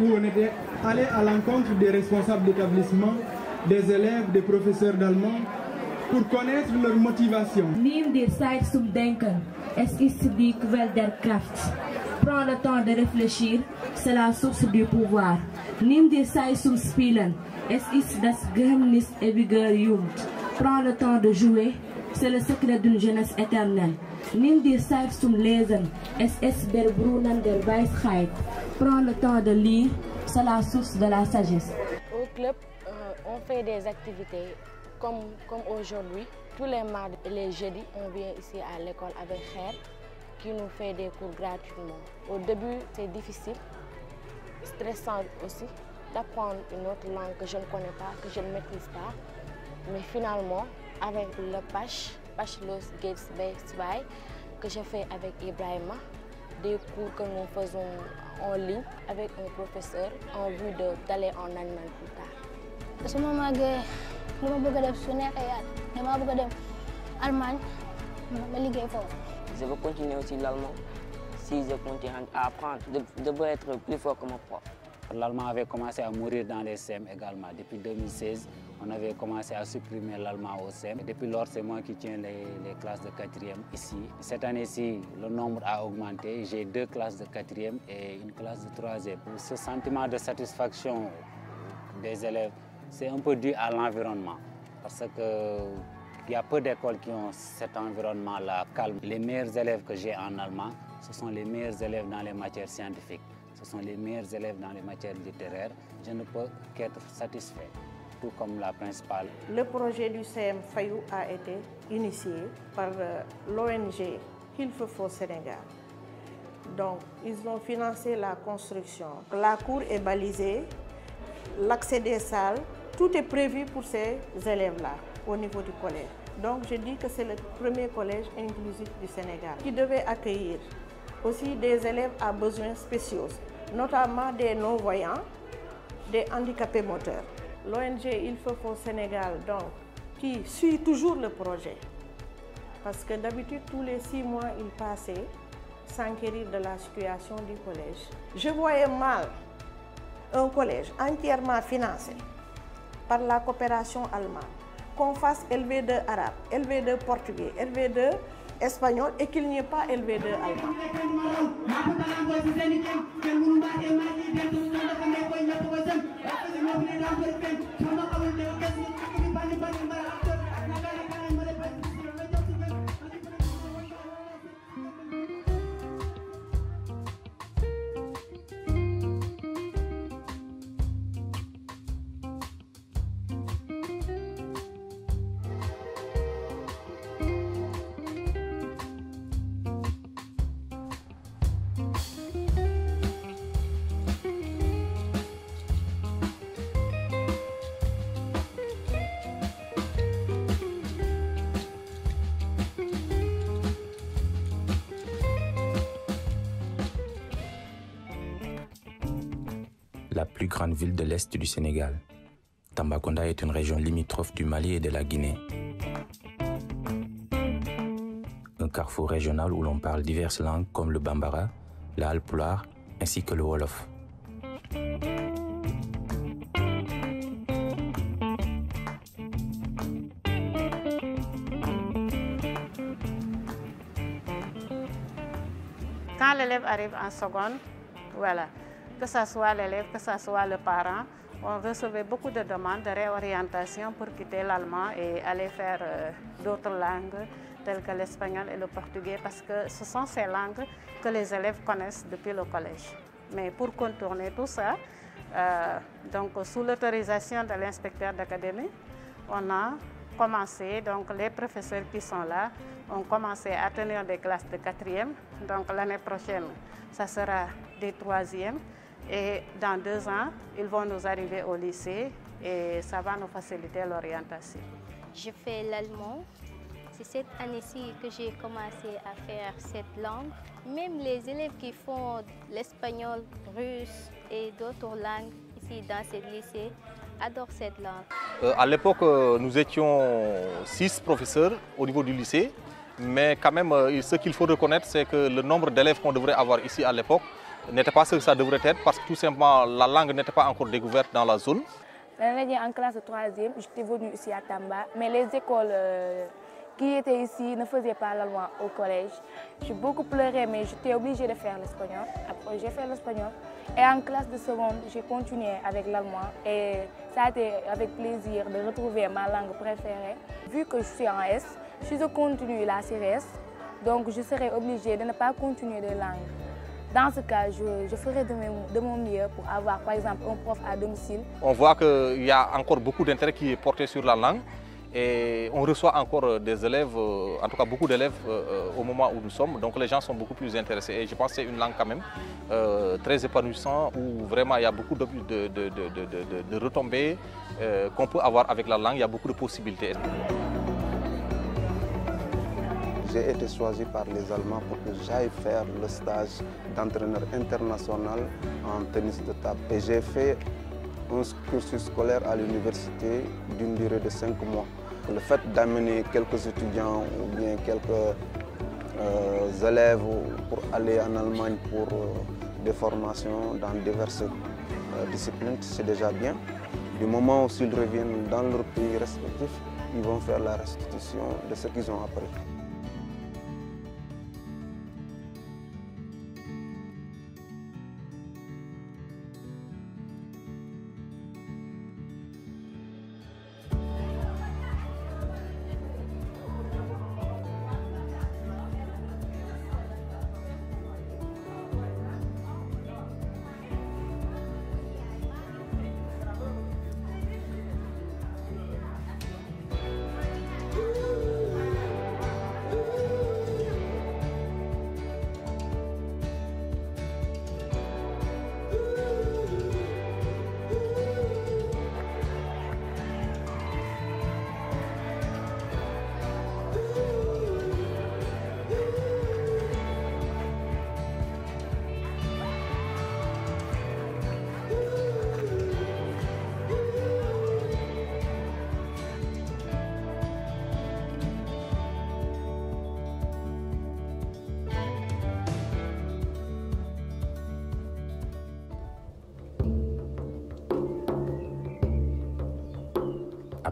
où on était allé à l'encontre des responsables d'établissement, des élèves, des professeurs d'allemand pour connaître leur motivation. Nimm Zeit zum Denken. Es ist die Quelle der Kraft. Prends le temps de réfléchir, c'est la source du pouvoir. Nim die Zeit zum Spielen. Es ist das Geheimnis ewiger Jugend. Prends le temps de jouer, c'est le secret d'une jeunesse éternelle. Nim die Zeit zum Lesen. Es ist der Brunnen der Weisheit. Prends le temps de lire, c'est la source de la sagesse. Au club, euh, on fait des activités comme, comme aujourd'hui. Tous les mardis et les jeudis, on vient ici à l'école avec Khair qui nous fait des cours gratuitement. Au début, c'est difficile, stressant aussi, d'apprendre une autre langue que je ne connais pas, que je ne maîtrise pas. Mais finalement, avec le PASH, PASH Los Gates que j'ai fait avec Ibrahima, des cours que nous faisons en ligne avec un professeur en vue d'aller en Allemagne plus tard. je veux continuer aussi l'allemand si je continue à apprendre je devrais être plus fort que mon prof. l'allemand avait commencé à mourir dans les CM également depuis 2016. On avait commencé à supprimer l'allemand au SEM. depuis lors, c'est moi qui tiens les, classes de quatrième ici. Cette année-ci, le nombre a augmenté. J'ai deux classes de quatrième et une classe de troisième. Ce sentiment de satisfaction des élèves, c'est un peu dû à l'environnement. Parce que il y a peu d'écoles qui ont cet environnement-là calme. Les meilleurs élèves que j'ai en allemand, ce sont les meilleurs élèves dans les matières scientifiques, ce sont les meilleurs élèves dans les matières littéraires. Je ne peux qu'être satisfait comme la principale. Le projet du CM Fayou a été initié par l'ONG Hilfe for Sénégal. Donc, ils ont financé la construction. La cour est balisée, l'accès des salles, tout est prévu pour ces élèves-là au niveau du collège. Donc, je dis que c'est le premier collège inclusif du Sénégal qui devait accueillir aussi des élèves à besoins spéciaux, notamment des non-voyants, des handicapés moteurs l'ONG Il faut Sénégal, donc, qui suit toujours le projet. Parce que d'habitude, tous les six mois, il passait s'enquérir de la situation du collège. Je voyais mal un collège entièrement financé par la coopération allemande, qu'on fasse LV2 arabe, LV2 portugais, LV2 espagnol et qu'il n'y ait pas élevé de ville de l'Est du Sénégal. Tambaconda est une région limitrophe du Mali et de la Guinée. Un carrefour régional où l'on parle diverses langues comme le bambara, la ainsi que le wolof. Quand l'élève arrive en seconde, voilà, que ce soit l'élève, que ce soit le parent, on recevait beaucoup de demandes de réorientation pour quitter l'allemand et aller faire euh, d'autres langues telles que l'espagnol et le portugais parce que ce sont ces langues que les élèves connaissent depuis le collège. Mais pour contourner tout ça, euh, donc sous l'autorisation de l'inspecteur d'académie, on a commencé, donc les professeurs qui sont là ont commencé à tenir des classes de quatrième. Donc l'année prochaine, ça sera des troisièmes. Et dans deux ans, ils vont nous arriver au lycée et ça va nous faciliter l'orientation. Je fais l'allemand. C'est cette année-ci que j'ai commencé à faire cette langue. Même les élèves qui font l'espagnol, russe et d'autres langues ici dans ce lycée adorent cette langue. Euh, à l'époque, euh, nous étions six professeurs au niveau du lycée, mais quand même, euh, ce qu'il faut reconnaître, c'est que le nombre d'élèves qu'on devrait avoir ici à l'époque n'était pas ce que ça devrait être parce que tout simplement la langue n'était pas encore découverte dans la zone. en classe 3e, j'étais venue ici à Tamba, mais les écoles euh, qui étaient ici ne faisaient pas la loi au collège. J'ai beaucoup pleuré, mais j'étais obligée de faire l'espagnol. Après, j'ai fait l'espagnol. Et en classe de seconde, j'ai continué avec l'allemand. Et ça a été avec plaisir de retrouver ma langue préférée. Vu que je suis en S, je continue la CRS donc je serai obligée de ne pas continuer de langues. Dans ce cas, je, ferai de, mon mieux pour avoir, par exemple, un prof à domicile. On voit qu'il y a encore beaucoup d'intérêt qui est porté sur la langue et on reçoit encore euh, des élèves, euh, en tout cas beaucoup d'élèves euh, au moment où nous sommes. Donc les gens sont beaucoup plus intéressés et je pense que c'est une langue quand même très épanouissante où vraiment il y a beaucoup de, retombées qu'on peut avoir avec la langue, il y a beaucoup de possibilités j'ai été choisi par les Allemands pour que j'aille faire le stage d'entraîneur international en tennis de table. Et j'ai fait un cursus scolaire à l'université d'une durée de 5 mois. Le fait d'amener quelques étudiants ou bien quelques euh, élèves pour aller en Allemagne pour euh, des formations dans diverses euh, disciplines, c'est déjà bien. Du moment où ils reviennent dans leur pays respectif, ils vont faire la restitution de ce qu'ils ont appris.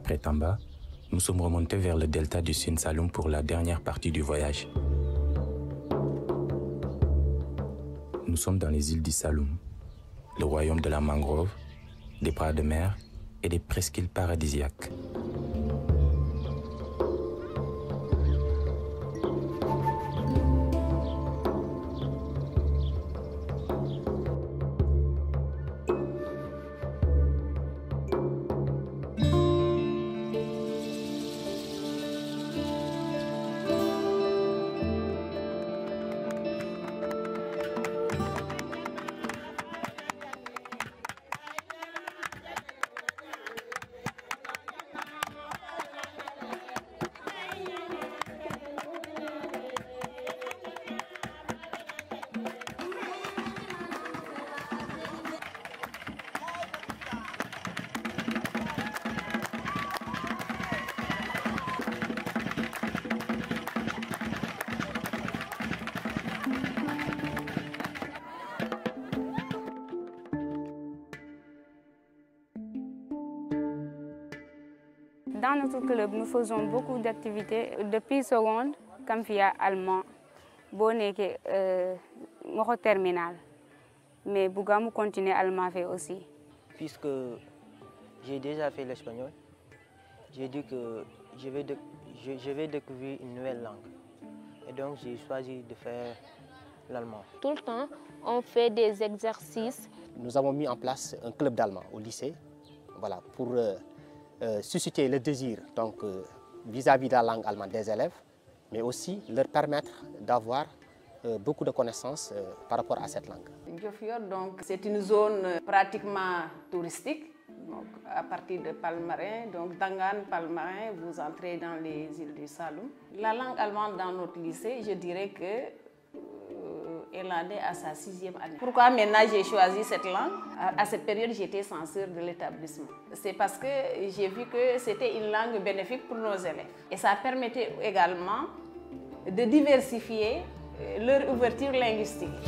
après Tamba, nous sommes remontés vers le delta du Sine-Saloum pour la dernière partie du voyage. Nous sommes dans les îles du Saloum, le royaume de la mangrove, des bras de mer et des presqu'îles paradisiaques. nous faisons beaucoup d'activités. Depuis seconde, comme via allemand, bonne que euh, terminal. Mais Bougamou continue allemand aussi. Puisque j'ai déjà fait l'espagnol, j'ai dit que je vais, je, vais découvrir une nouvelle langue. Et donc j'ai choisi de faire l'allemand. Tout le temps, on fait des exercices. Nous avons mis en place un club d'allemand au lycée, voilà, pour euh, euh, susciter le désir donc euh, vis-à-vis de la langue allemande des élèves, mais aussi leur permettre d'avoir euh, beaucoup de connaissances par rapport à cette langue. donc, c'est une zone pratiquement touristique. à partir de Palmarin, donc Dangan, Palmarin, vous entrez dans les îles du Saloum. La langue allemande dans notre lycée, je dirais que irlandais à sa sixième année. Pourquoi maintenant j'ai choisi cette langue À cette période, j'étais censure de l'établissement. C'est parce que j'ai vu que c'était une langue bénéfique pour nos élèves. Et ça permettait également de diversifier euh, leur ouverture linguistique.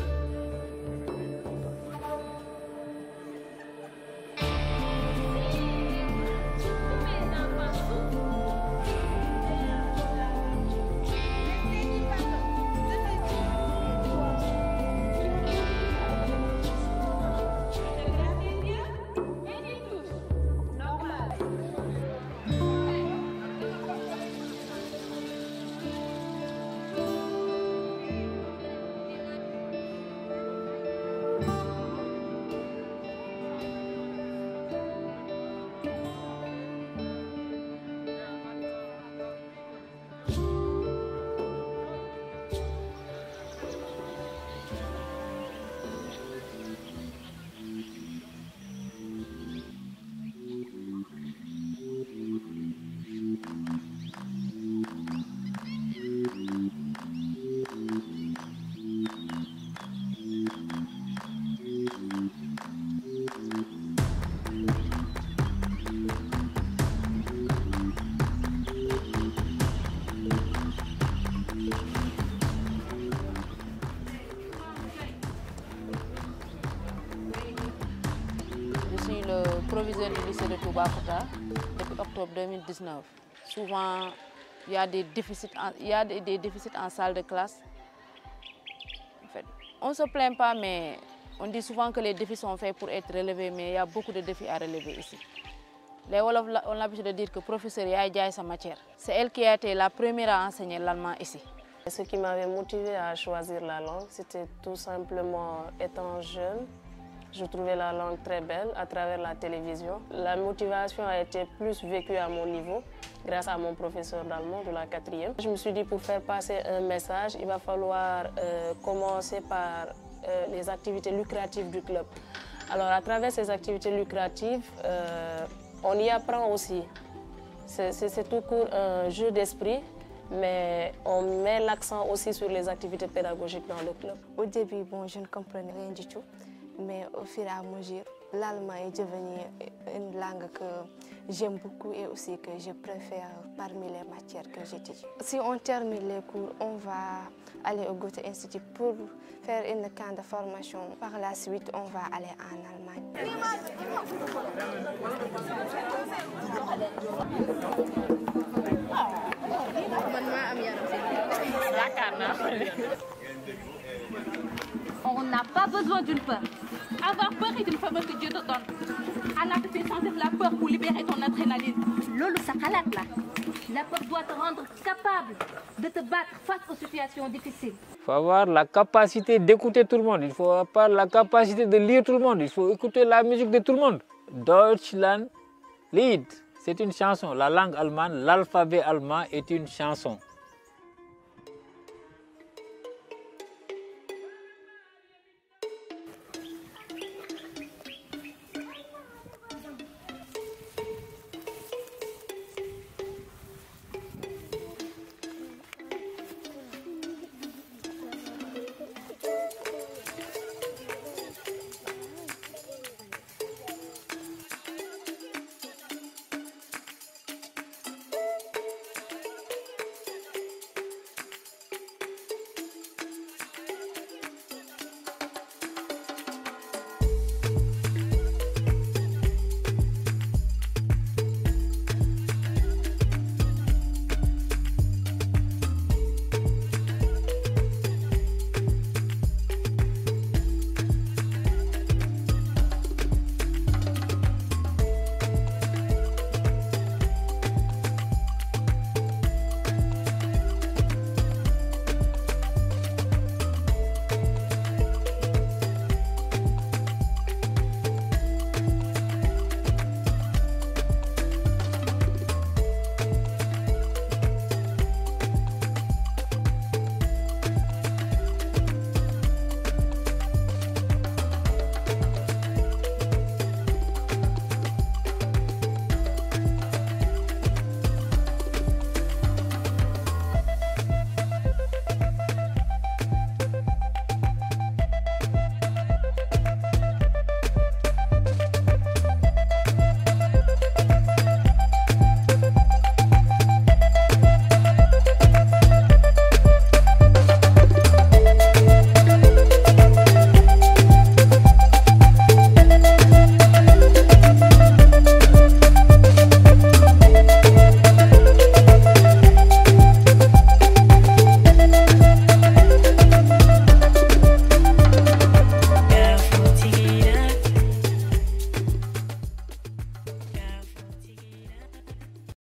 Souvent, il y a des déficits en, il y a des, déficits en salle de classe. En fait, on ne se plaint pas, mais on dit souvent que les défis sont faits pour être relevés, mais il y a beaucoup de défis à relever ici. On a l'habitude de dire que professeur Yaya sa matière. C'est elle qui a été la première à enseigner l'allemand ici. Ce qui m'avait motivée à choisir la langue, c'était tout simplement étant jeune, je trouvais la langue très belle à travers la télévision. La motivation a été plus vécue à mon niveau grâce à mon professeur d'allemand de la quatrième. Je me suis dit pour faire passer un message, il va falloir euh, commencer par euh, les activités lucratives du club. Alors à travers ces activités lucratives, euh, on y apprend aussi. C'est tout court un jeu d'esprit mais on met l'accent aussi sur les activités pédagogiques dans le club. Au début, bon, je ne comprenais rien du tout mais au fur et à mesure, l'allemand est devenu une langue que j'aime beaucoup et aussi que je préfère parmi les matières que j'étudie. Si on termine les cours, on va aller au Goethe Institut pour faire une camp de formation. Par la suite, on va aller en Allemagne. On n'a pas besoin d'une peur. Avoir peur est une faveur que Dieu te donne. Allah te fait la peur pour libérer ton adrénaline. Lolo là. La peur doit te rendre capable de te battre face aux situations difficiles. Il faut avoir la capacité d'écouter tout le monde. Il faut avoir la capacité de lire tout le monde. Il faut écouter la musique de tout le monde. Deutschland Lied, c'est une chanson. La langue allemande, l'alphabet allemand est une chanson.